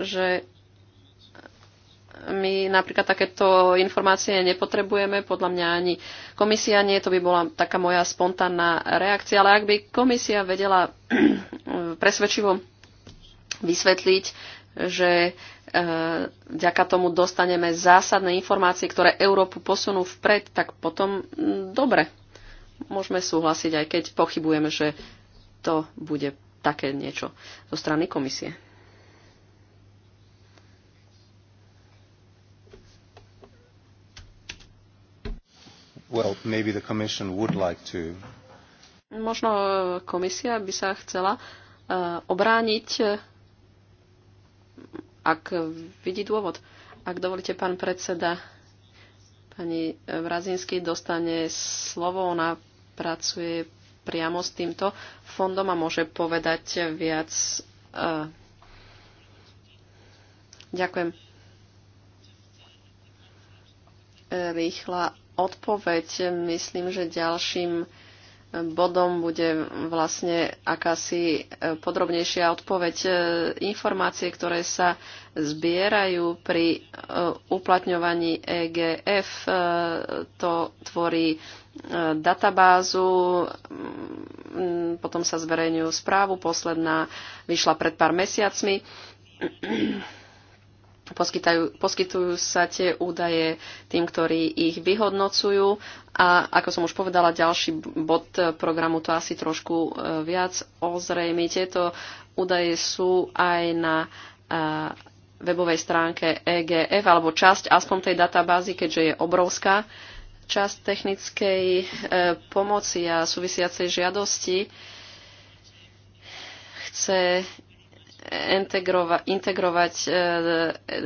že my napríklad takéto informácie nepotrebujeme, podľa mňa ani komisia nie, to by bola taká moja spontánna reakcia, ale ak by komisia vedela presvedčivo vysvetliť, že e, vďaka tomu dostaneme zásadné informácie, ktoré Európu posunú vpred, tak potom mm, dobre, môžeme súhlasiť, aj keď pochybujeme, že to bude také niečo zo strany komisie. Well, maybe the commission would like to. Možno e, komisia by sa chcela uh, obrániť, e, ak vidí dôvod. Ak dovolíte, pán predseda, pani Vrazinsky dostane slovo. Ona pracuje priamo s týmto fondom a môže povedať viac. ďakujem. Rýchla odpoveď. Myslím, že ďalším bodom bude vlastne akási e, podrobnejšia odpoveď e, informácie, ktoré sa zbierajú pri e, uplatňovaní EGF. To tvorí databázu, potom sa zverejňujú správu, posledná vyšla pred pár mesiacmi Poskytajú, poskytujú sa tie údaje tým, ktorí ich vyhodnocujú a ako som už povedala, ďalší bod programu to asi trošku e, viac ozrejmi. Tieto údaje sú aj na e, webovej stránke EGF alebo časť aspoň tej databázy, keďže je obrovská časť technickej e, pomoci a súvisiacej žiadosti chce integrova- integrovať e,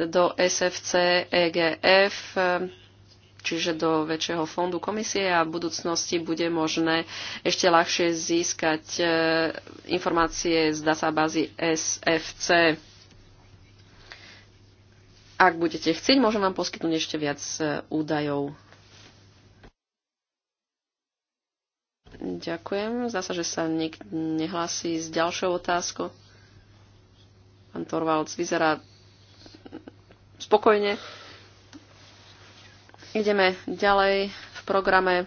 do SFC, EGF, e, čiže do väčšieho fondu komisie a v budúcnosti bude možné ešte ľahšie získať e, informácie z databázy SFC. Ak budete chcieť, môžem vám poskytnúť ešte viac údajov. Ďakujem. Zdá sa, že sa nik nehlási s ďalšou otázkou. Pán Torvalds vyzerá spokojne. Ideme ďalej v programe,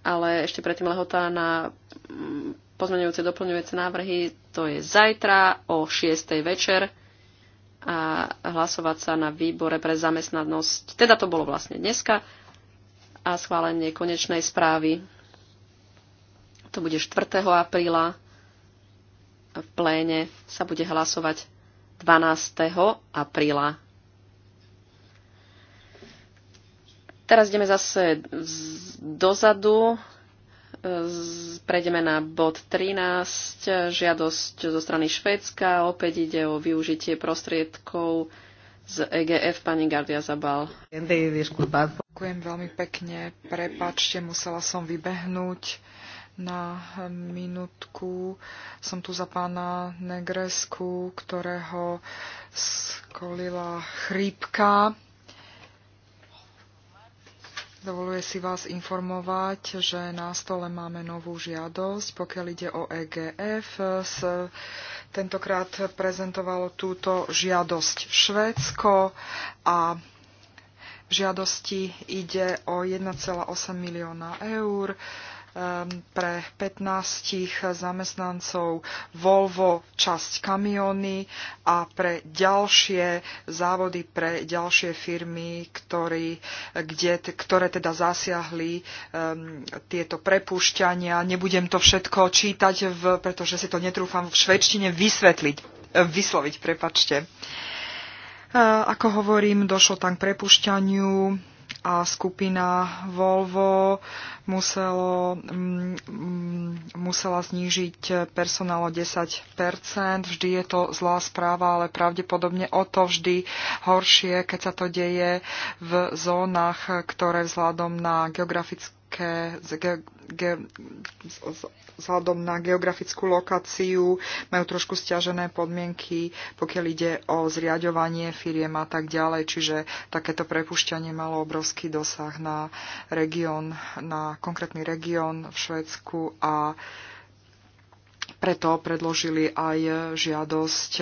ale ešte predtým lehota na mm, pozmeňujúce doplňujúce návrhy, to je zajtra o 6. večer a hlasovať sa na výbore pre zamestnanosť. Teda to bolo vlastne dneska a schválenie konečnej správy. To bude 4. apríla v pléne sa bude hlasovať 12. apríla. Teraz ideme zase dozadu. Prejdeme na bod 13, žiadosť zo strany Švédska. Opäť ide o využitie prostriedkov z EGF, pani Gardia Zabal. Ďakujem veľmi pekne. Prepačte, musela som vybehnúť na minutku Som tu za pána Negresku, ktorého skolila chrípka. Dovoluje si vás informovať, že na stole máme novú žiadosť, pokiaľ ide o EGF. S Tentokrát prezentovalo túto žiadosť Švédsko a v žiadosti ide o 1,8 milióna eur pre 15 zamestnancov Volvo časť kamiony a pre ďalšie závody, pre ďalšie firmy, ktorý, kde, ktoré teda zasiahli um, tieto prepúšťania. Nebudem to všetko čítať, v, pretože si to netrúfam v švedštine vysvetliť, vysloviť, prepačte. Ako hovorím, došlo tam k prepušťaniu a skupina Volvo muselo, mm, mm, musela znížiť personál o 10 Vždy je to zlá správa, ale pravdepodobne o to vždy horšie, keď sa to deje v zónach, ktoré vzhľadom na geografické veľké z, ge, ge, vzhľadom na geografickú lokáciu, majú trošku stiažené podmienky, pokiaľ ide o zriadovanie firiem a tak ďalej, čiže takéto prepušťanie malo obrovský dosah na region, na konkrétny región v Švedsku a preto predložili aj žiadosť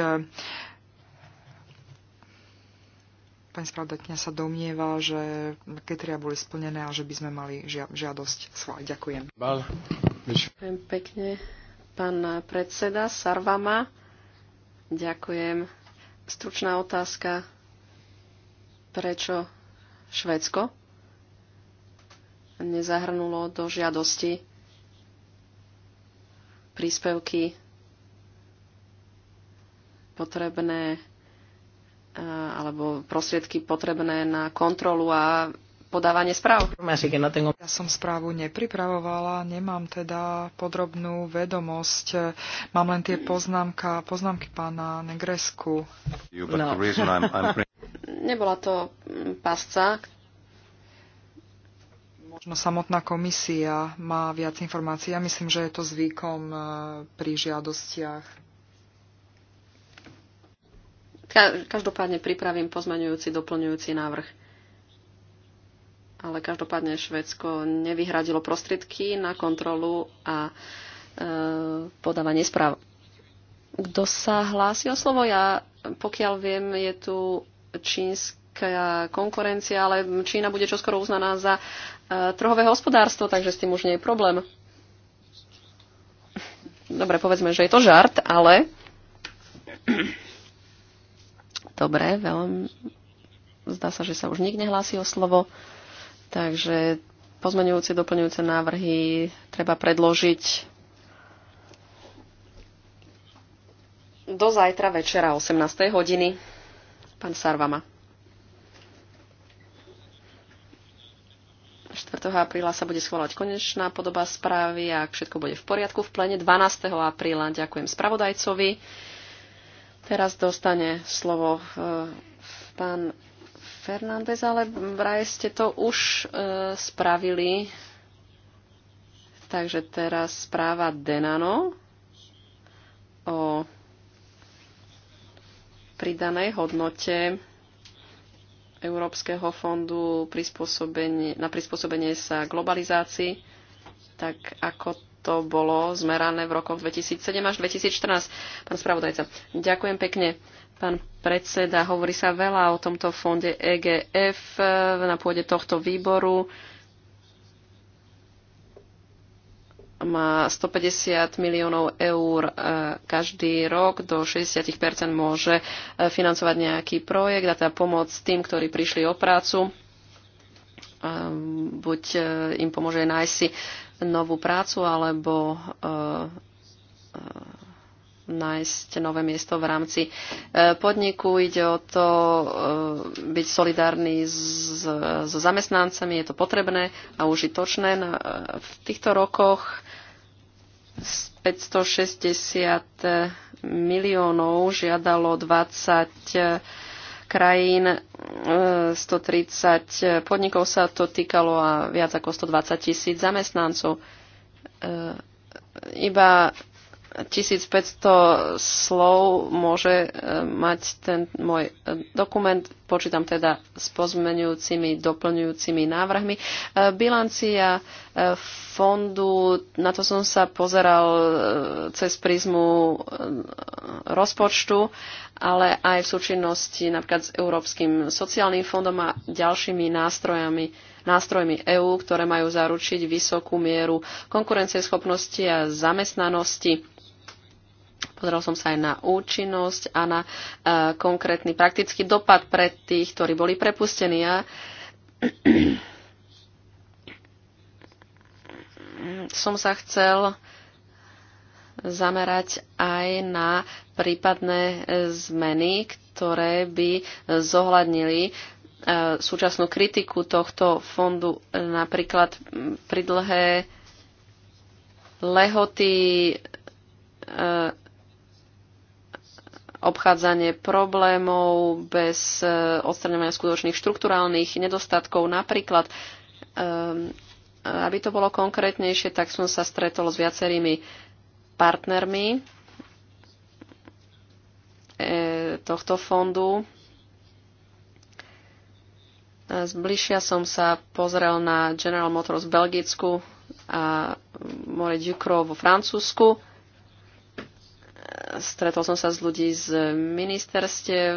Pani spravodajkňa sa domnieva, že kritéria boli splnené a že by sme mali žiadosť schváliť. Ďakujem. Ďakujem pekne. Pán predseda Sarvama, ďakujem. Stručná otázka. Prečo Švedsko nezahrnulo do žiadosti príspevky potrebné alebo prostriedky potrebné na kontrolu a podávanie správ. Ja som správu nepripravovala, nemám teda podrobnú vedomosť. Mám len tie poznámka, poznámky pána Negresku. No. Nebola to mm, pasca. Možno samotná komisia má viac informácií. Ja myslím, že je to zvykom e, pri žiadostiach. Každopádne pripravím pozmeňujúci, doplňujúci návrh. Ale každopádne Švedsko nevyhradilo prostriedky na kontrolu a e, podávanie správ. Kto sa hlási o slovo? Ja, pokiaľ viem, je tu čínska konkurencia, ale Čína bude čoskoro uznaná za e, trhové hospodárstvo, takže s tým už nie je problém. Dobre, povedzme, že je to žart, ale Dobre, veľmi... Zdá sa, že sa už nikto nehlási o slovo. Takže pozmeňujúce, doplňujúce návrhy treba predložiť do zajtra večera 18. hodiny. Pán Sarvama. 4. apríla sa bude schváľať konečná podoba správy a ak všetko bude v poriadku v plene 12. apríla. Ďakujem spravodajcovi. Teraz dostane slovo e, pán Fernández, ale vraj ste to už e, spravili. Takže teraz správa Denano o pridanej hodnote Európskeho fondu prispôsobenie, na prispôsobenie sa globalizácii, tak ako to bolo zmerané v rokoch 2007 až 2014. Pán spravodajca, ďakujem pekne. Pán predseda, hovorí sa veľa o tomto fonde EGF e, na pôde tohto výboru. Má 150 miliónov eur e, každý rok, do 60 môže e, financovať nejaký projekt a tá pomoc tým, ktorí prišli o prácu buď im pomôže nájsť si novú prácu alebo e, e, nájsť nové miesto v rámci e, podniku. Ide o to byť solidárny s zamestnancami, je to potrebné a užitočné. V týchto rokoch 560 miliónov žiadalo 20 krajín, 130 e, podnikov sa to týkalo a viac ako 120 tisíc zamestnancov. E, iba 1500 slov môže e, mať ten môj e, dokument. Počítam teda s pozmenujúcimi, doplňujúcimi návrhmi. E, bilancia fondu, na to som sa pozeral cez prízmu rozpočtu, ale aj v súčinnosti napríklad s Európskym sociálnym fondom a ďalšími nástrojami nástrojmi EÚ, ktoré majú zaručiť vysokú mieru konkurencieschopnosti a zamestnanosti Pozeral som sa aj na účinnosť a na e, konkrétny praktický dopad pre tých, ktorí boli prepustení. A... som sa chcel zamerať aj na prípadné e, zmeny, ktoré by zohľadnili e, súčasnú kritiku tohto fondu, napríklad pridlhé lehoty obchádzanie problémov bez e, odstraňovania skutočných štruktúrálnych nedostatkov. Napríklad, ehm, aby to bolo konkrétnejšie, tak som sa stretol s viacerými partnermi e, tohto fondu. Zbližšia som sa pozrel na General Motors v Belgicku a More Ducro vo Francúzsku Stretol som sa s ľudí z ministerstiev,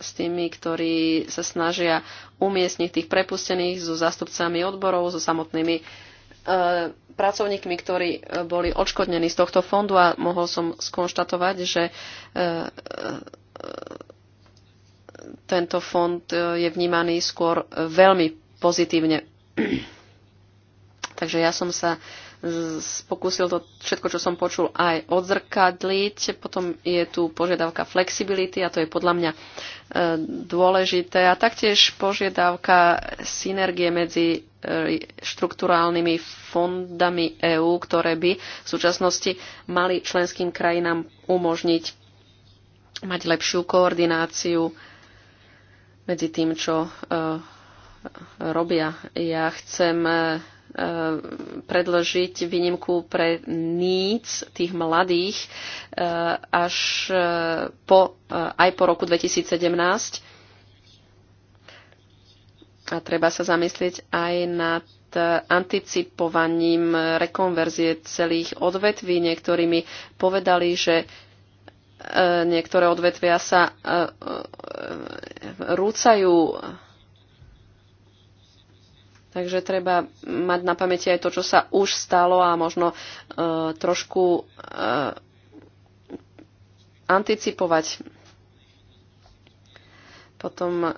s tými, ktorí sa snažia umiestniť tých prepustených so zástupcami odborov, so samotnými e, pracovníkmi, ktorí e, boli odškodnení z tohto fondu a mohol som skonštatovať, že e, e, tento fond e, je vnímaný skôr veľmi pozitívne. Takže ja som sa e, pokúsil to všetko, čo som počul, aj odzrkadliť. Potom je tu požiadavka flexibility a to je podľa mňa e, dôležité. A taktiež požiadavka synergie medzi e, štruktúrálnymi fondami EÚ, ktoré by v súčasnosti mali členským krajinám umožniť mať lepšiu koordináciu medzi tým, čo e, robia. Ja chcem Eh, predložiť výnimku pre níc tých mladých eh, až eh, po, aj po roku 2017. A treba sa zamyslieť aj nad anticipovaním rekonverzie celých odvetví. Niektorí mi povedali, že niektoré odvetvia sa rúcajú Takže treba mať na pamäti aj to, čo sa už stalo a možno uh, trošku uh, anticipovať. Potom uh,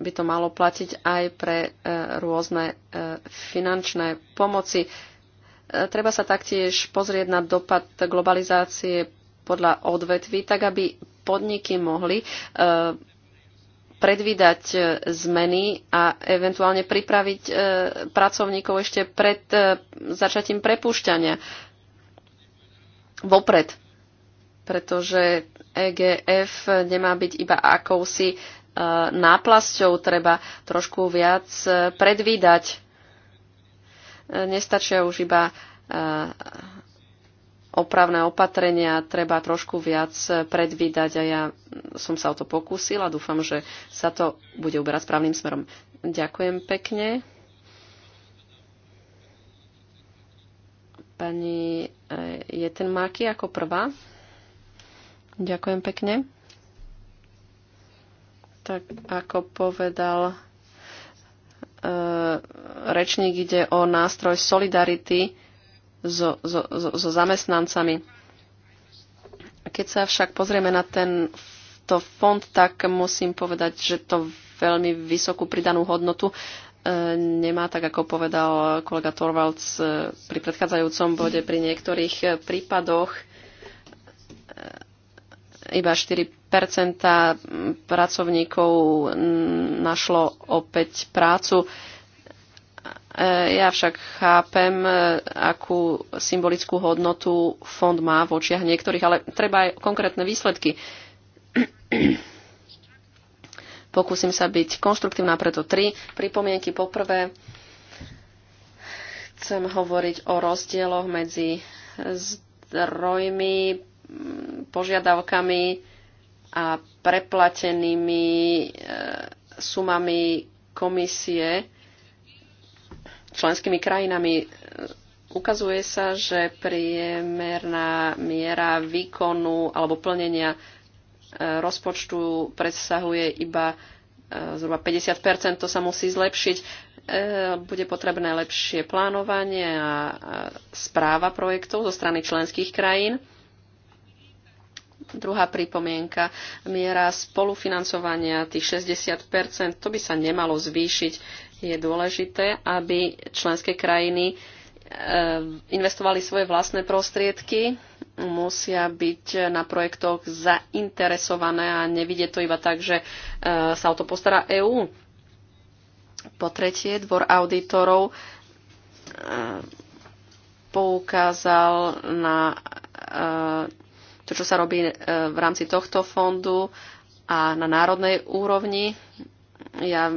by to malo platiť aj pre uh, rôzne uh, finančné pomoci. treba sa taktiež pozrieť na dopad globalizácie podľa odvetví, tak aby podniky mohli uh, predvídať e, zmeny a eventuálne pripraviť e, pracovníkov ešte pred e, začatím prepúšťania vopred, pretože EGF nemá byť iba akousi náplasťou, treba trošku viac predvídať. Nestačia už iba opravné opatrenia treba trošku viac predvídať a ja som sa o to pokúsila. Dúfam, že sa to bude uberať správnym smerom. Ďakujem pekne. Pani eh, Máky ako prvá. Ďakujem pekne. Tak ako povedal eh, rečník ide o nástroj solidarity so, so, so zamestnancami. Keď sa však pozrieme na ten to fond, tak musím povedať, že to veľmi vysokú pridanú hodnotu e, nemá, tak ako povedal kolega Torvalds e, pri predchádzajúcom bode, pri niektorých e, prípadoch iba 4 pracovníkov našlo opäť prácu. E, ja však chápem, e, akú symbolickú hodnotu fond má v očiach niektorých, ale treba aj konkrétne výsledky. Pokúsim sa byť konštruktívna, preto tri pripomienky. Poprvé, chcem hovoriť o rozdieloch medzi zdrojmi, požiadavkami a preplatenými e, sumami komisie členskými krajinami. E, ukazuje sa, že priemerná miera výkonu alebo plnenia e, rozpočtu presahuje iba e, zhruba 50 to sa musí zlepšiť. Bude potrebné lepšie plánovanie a správa projektov zo strany členských krajín. Druhá pripomienka, miera spolufinancovania tých 60 to by sa nemalo zvýšiť je dôležité, aby členské krajiny e, investovali svoje vlastné prostriedky, musia byť na projektoch zainteresované a nevidie to iba tak, že e, sa o to postará EÚ. Po tretie, dvor auditorov e, poukázal na to, čo sa robí v rámci tohto fondu a na národnej úrovni ja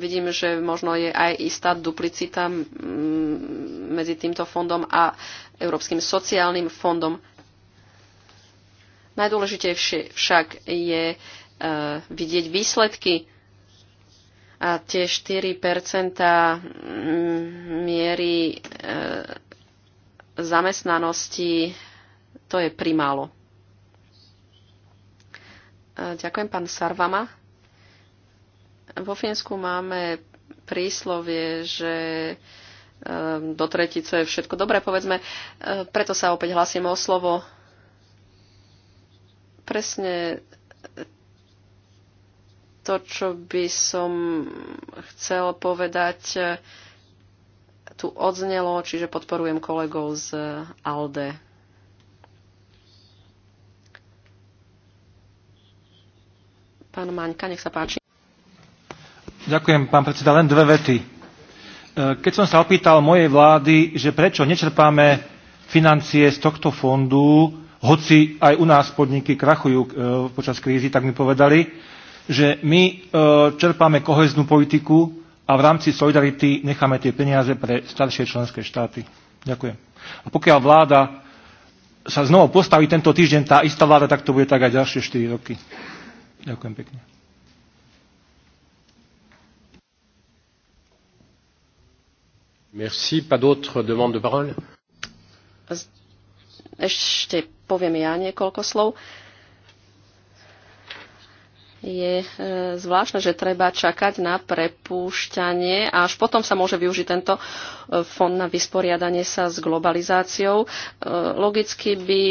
vidím, že možno je aj istá duplicita mm, medzi týmto fondom a Európskym sociálnym fondom. Najdôležitejšie však je e, vidieť výsledky a tie 4 mm, miery e, zamestnanosti, to je primálo. E, ďakujem, pán Sarvama. Vo Fínsku máme príslovie, že ehm, do tretice je všetko dobré, povedzme. Ehm, preto sa opäť hlasím o slovo. Presne ehm, to, čo by som chcel povedať, tu odznelo, čiže podporujem kolegov z ALDE. Pán Maňka, nech sa páči. Ďakujem, pán predseda. Len dve vety. E, keď som sa opýtal mojej vlády, že prečo nečerpáme financie z tohto fondu, hoci aj u nás podniky krachujú e, počas krízy, tak mi povedali, že my e, čerpáme koheznú politiku a v rámci Solidarity necháme tie peniaze pre staršie členské štáty. Ďakujem. A pokiaľ vláda sa znovu postaví tento týždeň, tá istá vláda, tak to bude tak aj ďalšie 4 roky. Ďakujem pekne. Ešte poviem ja niekoľko slov je e, zvláštne, že treba čakať na prepúšťanie a až potom sa môže využiť tento e, fond na vysporiadanie sa s globalizáciou. E, logicky by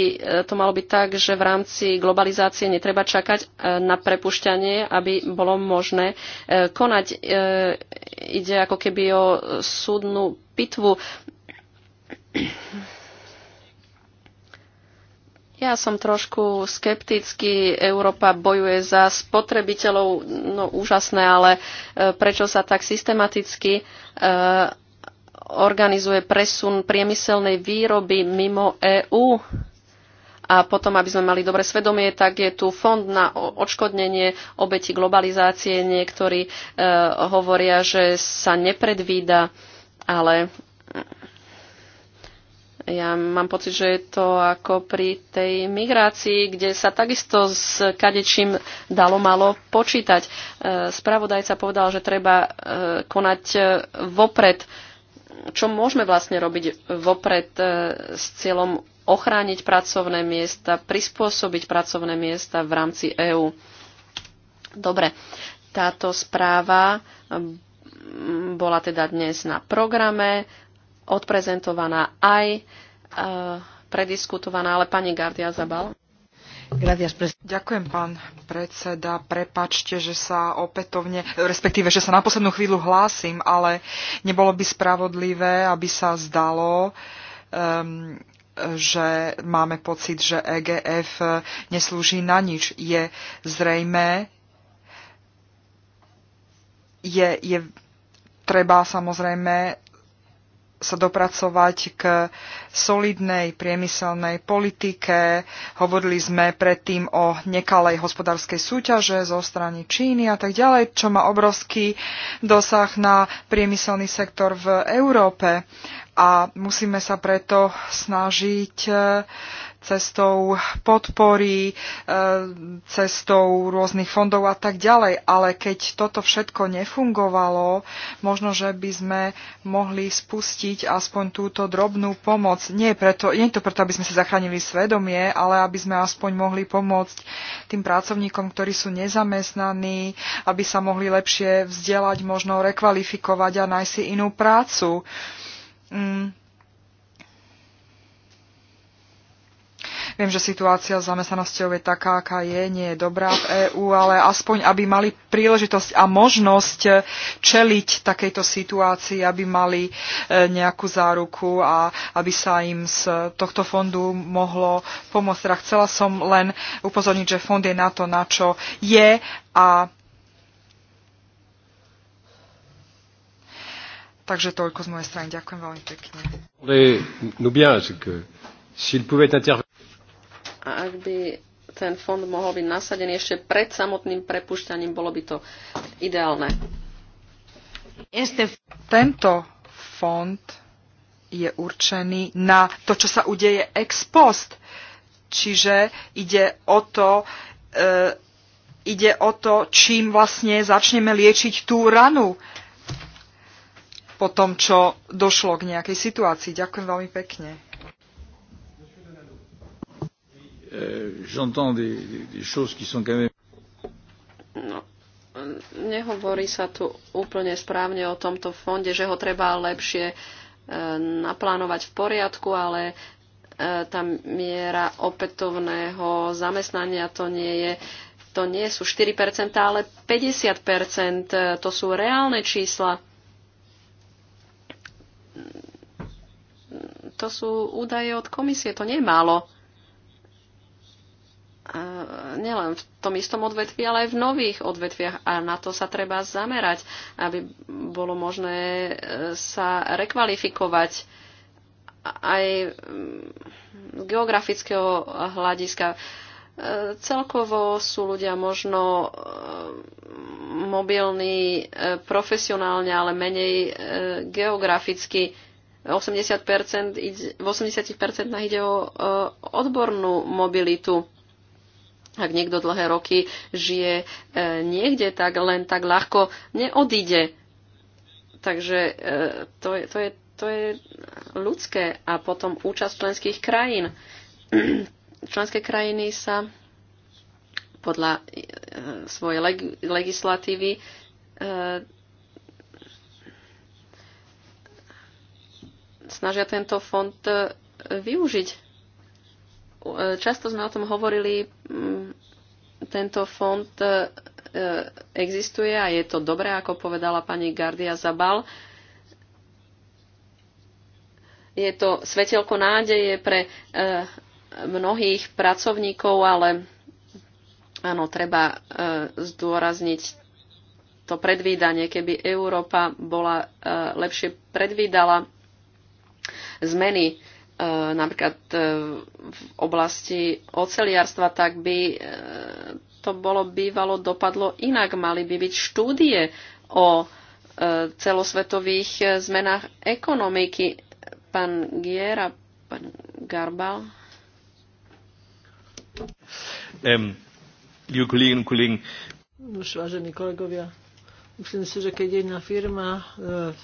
to malo byť tak, že v rámci globalizácie netreba čakať na prepušťanie, aby bolo možné konať. Ide ako keby o súdnu pitvu ja som trošku skeptický. Európa bojuje za spotrebiteľov, no úžasné, ale e, prečo sa tak systematicky e, organizuje presun priemyselnej výroby mimo EÚ? A potom, aby sme mali dobre svedomie, tak je tu fond na odškodnenie obeti globalizácie. Niektorí e, hovoria, že sa nepredvída, ale ja mám pocit, že je to ako pri tej migrácii, kde sa takisto s kadečím dalo malo počítať. E, spravodajca povedal, že treba e, konať e, vopred. Čo môžeme vlastne robiť vopred s cieľom ochrániť pracovné miesta, prispôsobiť pracovné miesta v rámci EÚ? Dobre, táto správa bola teda dnes na programe odprezentovaná aj eh, prediskutovaná, ale pani Gardia Zabal. Ďakujem, pán predseda. Prepačte, že sa opätovne, respektíve, že sa na poslednú chvíľu hlásim, ale nebolo by spravodlivé, aby sa zdalo, um, že máme pocit, že EGF neslúži na nič. Je zrejme, je, je treba samozrejme sa dopracovať k solidnej priemyselnej politike. Hovorili sme predtým o nekalej hospodárskej súťaže zo strany Číny a tak ďalej, čo má obrovský dosah na priemyselný sektor v Európe. A musíme sa preto snažiť cestou podpory, e, cestou rôznych fondov a tak ďalej. Ale keď toto všetko nefungovalo, možno, že by sme mohli spustiť aspoň túto drobnú pomoc. Nie, preto, nie je to preto, aby sme si zachránili svedomie, ale aby sme aspoň mohli pomôcť tým pracovníkom, ktorí sú nezamestnaní, aby sa mohli lepšie vzdelať, možno rekvalifikovať a nájsť si inú prácu. Mm Viem, že situácia s zamestnanosťou je taká, aká je, nie je dobrá v EÚ, ale aspoň, aby mali príležitosť a možnosť čeliť takejto situácii, aby mali e, nejakú záruku a aby sa im z tohto fondu mohlo pomôcť. Teda chcela som len upozorniť, že fond je na to, na čo je a Takže toľko z mojej strany. Ďakujem veľmi pekne. A ak by ten fond mohol byť nasadený ešte pred samotným prepušťaním, bolo by to ideálne. Tento fond je určený na to, čo sa udeje ex post. Čiže ide o to, e, ide o to, čím vlastne začneme liečiť tú ranu po tom, čo došlo k nejakej situácii. Ďakujem veľmi pekne. Euh, j'entends des, des, choses qui sont quand même... No, nehovorí sa tu úplne správne o tomto fonde, že ho treba lepšie e, naplánovať v poriadku, ale e, tá miera opätovného zamestnania to nie je to nie sú 4%, ale 50%. E, to sú reálne čísla. To sú údaje od komisie, to nie je málo nielen v tom istom odvetvi, ale aj v nových odvetviach a na to sa treba zamerať, aby bolo možné e, sa rekvalifikovať aj mm, z geografického hľadiska. E, celkovo sú ľudia možno e, mobilní profesionálne, ale menej geograficky. 80%, v 80% ide o odbornú mobilitu ak niekto dlhé roky žije e, niekde, tak len tak ľahko neodíde. Takže e, to je, to je, to je ľudské. A potom účasť členských krajín. Členské krajiny sa podľa e, svojej leg- legislatívy snažia tento fond využiť. Často sme o tom hovorili tento fond e, e, existuje a je to dobré, ako povedala pani Gardia Zabal. Je to svetelko nádeje pre e, mnohých pracovníkov, ale áno, treba zdôrazniť to predvídanie. Keby Európa bola lepšie predvídala zmeny napríklad v oblasti oceliarstva, tak by to bolo bývalo dopadlo inak. Mali by byť štúdie o e, celosvetových e, zmenách ekonomiky. Pán Gier a pán Garbal. Um, you clean, clean. Už vážení kolegovia, myslím si, že keď jedna firma e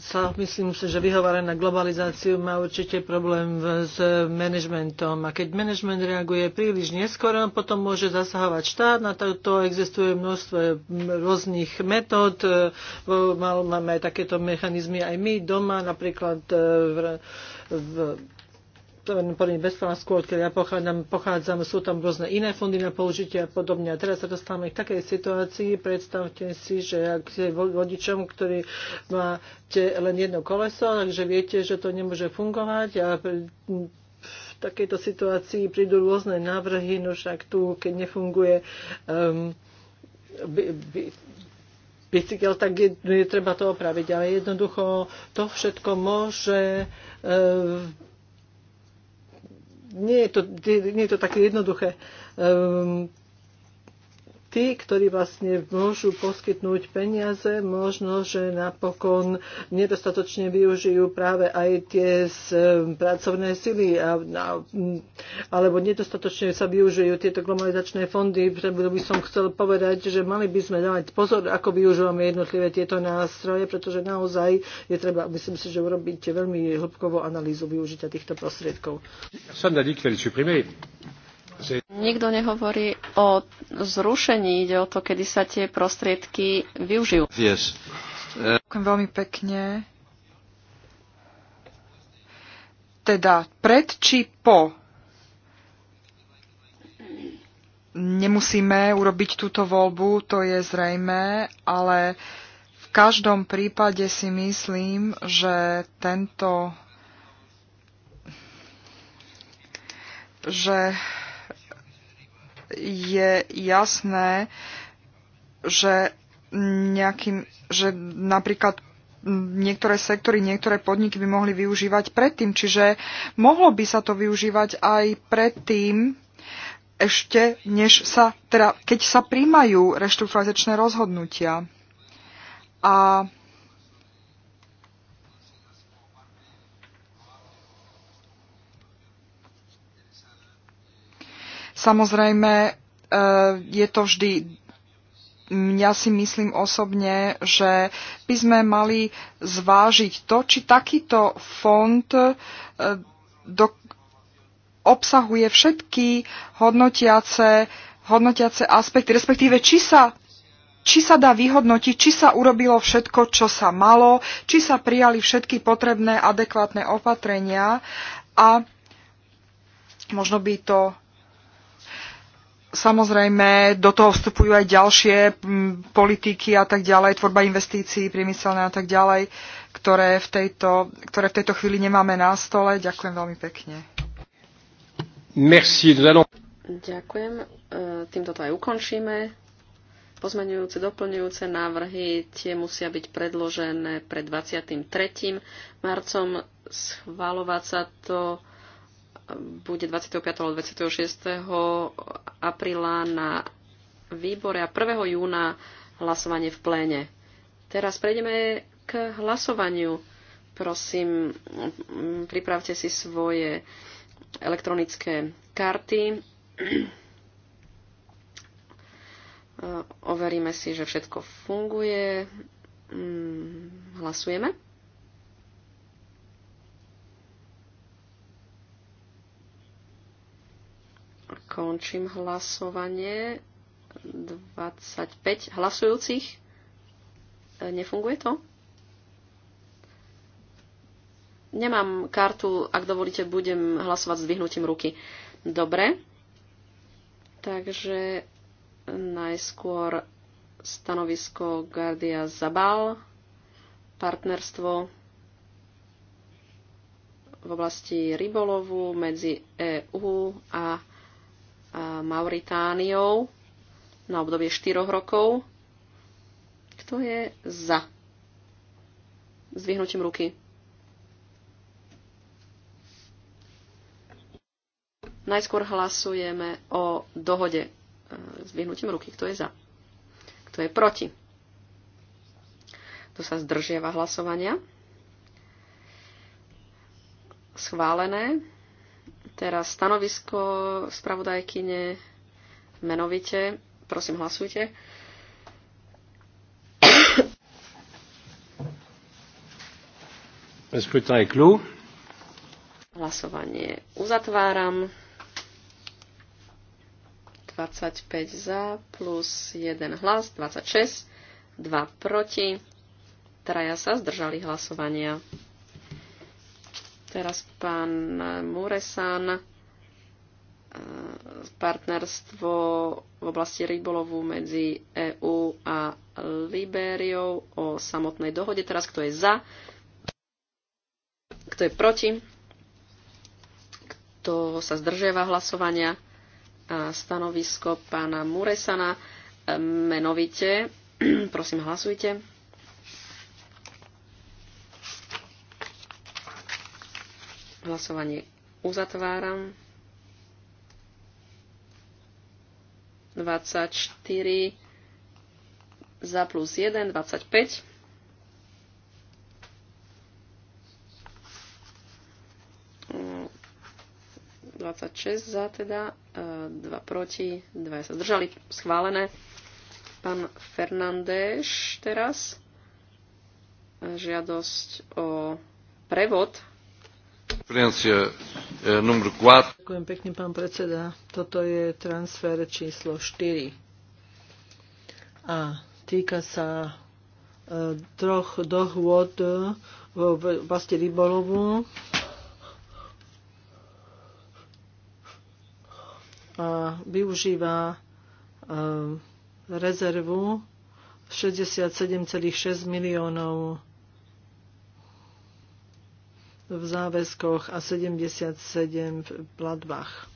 sa myslím si, že vyhovára na globalizáciu, má určite problém s manažmentom. A keď manažment reaguje príliš neskoro, potom môže zasahovať štát. Na to, to existuje množstvo rôznych metód. E, máme aj takéto mechanizmy aj my doma, napríklad e, v, v podporný bezplatná skôr, keď ja pochádzam, pochádzam, sú tam rôzne iné fondy na použitie a podobne. A teraz sa dostávame k takej situácii, predstavte si, že ak ste vodičom, ktorý máte len jedno koleso, takže viete, že to nemôže fungovať a v takejto situácii prídu rôzne návrhy, no však tu, keď nefunguje um, by, by, bicykel, tak je, je treba to opraviť. Ale jednoducho to všetko môže um, nie je to, nie je to také jednoduché. Um, tí, ktorí vlastne môžu poskytnúť peniaze, možno, že napokon nedostatočne využijú práve aj tie z, pracovné sily a, a, alebo nedostatočne sa využijú tieto globalizačné fondy. Preto by som chcel povedať, že mali by sme dávať pozor, ako využívame jednotlivé tieto nástroje, pretože naozaj je treba, myslím si, že urobiť veľmi hĺbkovú analýzu využitia týchto prostriedkov. Nikto nehovorí o zrušení, ide o to, kedy sa tie prostriedky využijú. Yes. Ďakujem veľmi pekne. Teda pred či po nemusíme urobiť túto voľbu, to je zrejme, ale v každom prípade si myslím, že tento že je jasné, že, nejakým, že napríklad niektoré sektory, niektoré podniky by mohli využívať predtým. Čiže mohlo by sa to využívať aj predtým, ešte než sa, teda keď sa príjmajú reštrukturalizačné rozhodnutia. A Samozrejme, e, je to vždy ja si myslím osobne, že by sme mali zvážiť to, či takýto fond e, do, obsahuje všetky hodnotiace, hodnotiace aspekty, respektíve či sa, či sa dá vyhodnotiť, či sa urobilo všetko, čo sa malo, či sa prijali všetky potrebné adekvátne opatrenia a možno by to Samozrejme, do toho vstupujú aj ďalšie politiky a tak ďalej, tvorba investícií, priemyselné a tak ďalej, ktoré v, tejto, ktoré v tejto chvíli nemáme na stole. Ďakujem veľmi pekne. Merci. Ďakujem. E, týmto to aj ukončíme. Pozmeňujúce, doplňujúce návrhy tie musia byť predložené pred 23. marcom. Schvalovať sa to bude 25. alebo 26. apríla na výbore a 1. júna hlasovanie v pléne. Teraz prejdeme k hlasovaniu. Prosím, pripravte si svoje elektronické karty. Overíme si, že všetko funguje. Mm, hlasujeme. Končím hlasovanie. 25 hlasujúcich. E, nefunguje to? Nemám kartu, ak dovolíte, budem hlasovať s dvihnutím ruky. Dobre. Takže najskôr stanovisko Guardia Zabal, partnerstvo v oblasti rybolovu medzi EU a Mauritániou na obdobie 4 rokov. Kto je za? Zvihnutím ruky. Najskôr hlasujeme o dohode e, Zvihnutím ruky. Kto je za? Kto je proti? Kto sa zdržiava hlasovania? Schválené. Teraz stanovisko spravodajkyne menovite. Prosím, hlasujte. Hlasovanie uzatváram. 25 za plus 1 hlas, 26, 2 proti. Traja sa zdržali hlasovania. Teraz pán Muresan, e, partnerstvo v oblasti rybolovu medzi EÚ a Libériou o samotnej dohode. Teraz kto je za, kto je proti, kto sa zdržiava hlasovania a stanovisko pána Muresana e, menovite. Prosím, hlasujte. Hlasovanie uzatváram. 24 za plus 1, 25. 26 za teda, 2 e, proti, 2 sa zdržali, schválené. Pán Fernández teraz žiadosť o prevod Eh, Ďakujem pekne, pán predseda. Toto je transfer číslo 4 a týka sa e, troch dohôd eh, v oblasti rybolovu. A využíva e, rezervu 67,6 miliónov v záväzkoch a 77 v platbách.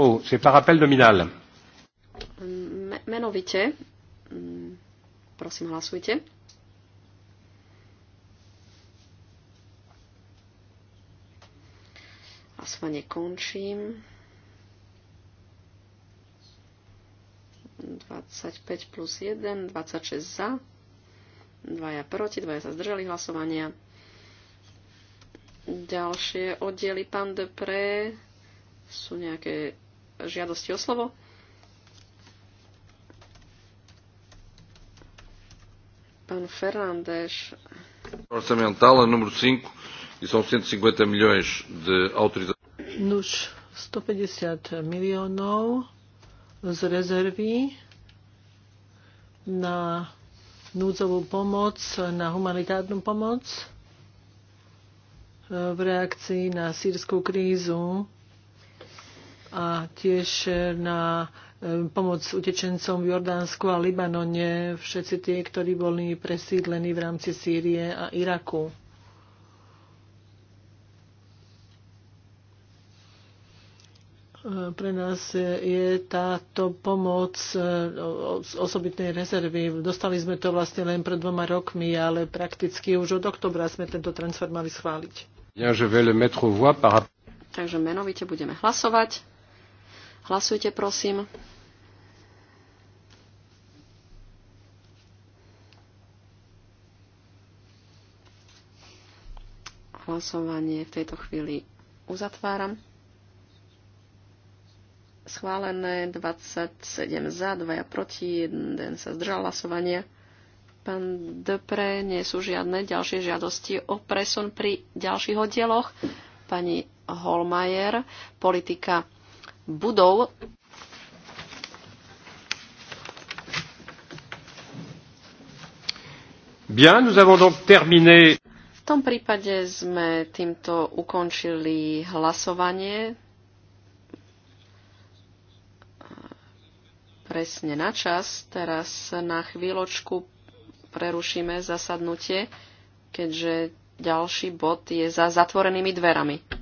Oh, c'est par appel nominal menovite. Mm, prosím, hlasujte. Hlasovanie končím. 25 plus 1, 26 za, 2 proti, 2 sa zdržali hlasovania. Ďalšie oddiely pán Depre sú nejaké žiadosti o slovo. Pán Fernández. Orçamental número 5 e são 150 e milhões de autorizações. Nos 150 miliónov z rezervy na núdzovú pomoc, na humanitárnu pomoc e, v reakcii na sírskú krízu a tiež na pomoc utečencom v Jordánsku a Libanone, všetci tie, ktorí boli presídlení v rámci Sýrie a Iraku. Pre nás je táto pomoc e, z osobitnej rezervy. Dostali sme to vlastne len pred dvoma rokmi, ale prakticky už od oktobra sme tento transfer mali schváliť. Takže menovite budeme hlasovať. Hlasujte, prosím. Hlasovanie v tejto chvíli uzatváram. Schválené 27 za, 2 proti, 1 sa zdržal hlasovania. Pán Depre, nie sú žiadne ďalšie žiadosti o presun pri ďalších oddieloch. Pani Holmajer, politika budov. Bien, nous avons donc terminé. V tom prípade sme týmto ukončili hlasovanie presne na čas. Teraz na chvíľočku prerušíme zasadnutie, keďže ďalší bod je za zatvorenými dverami.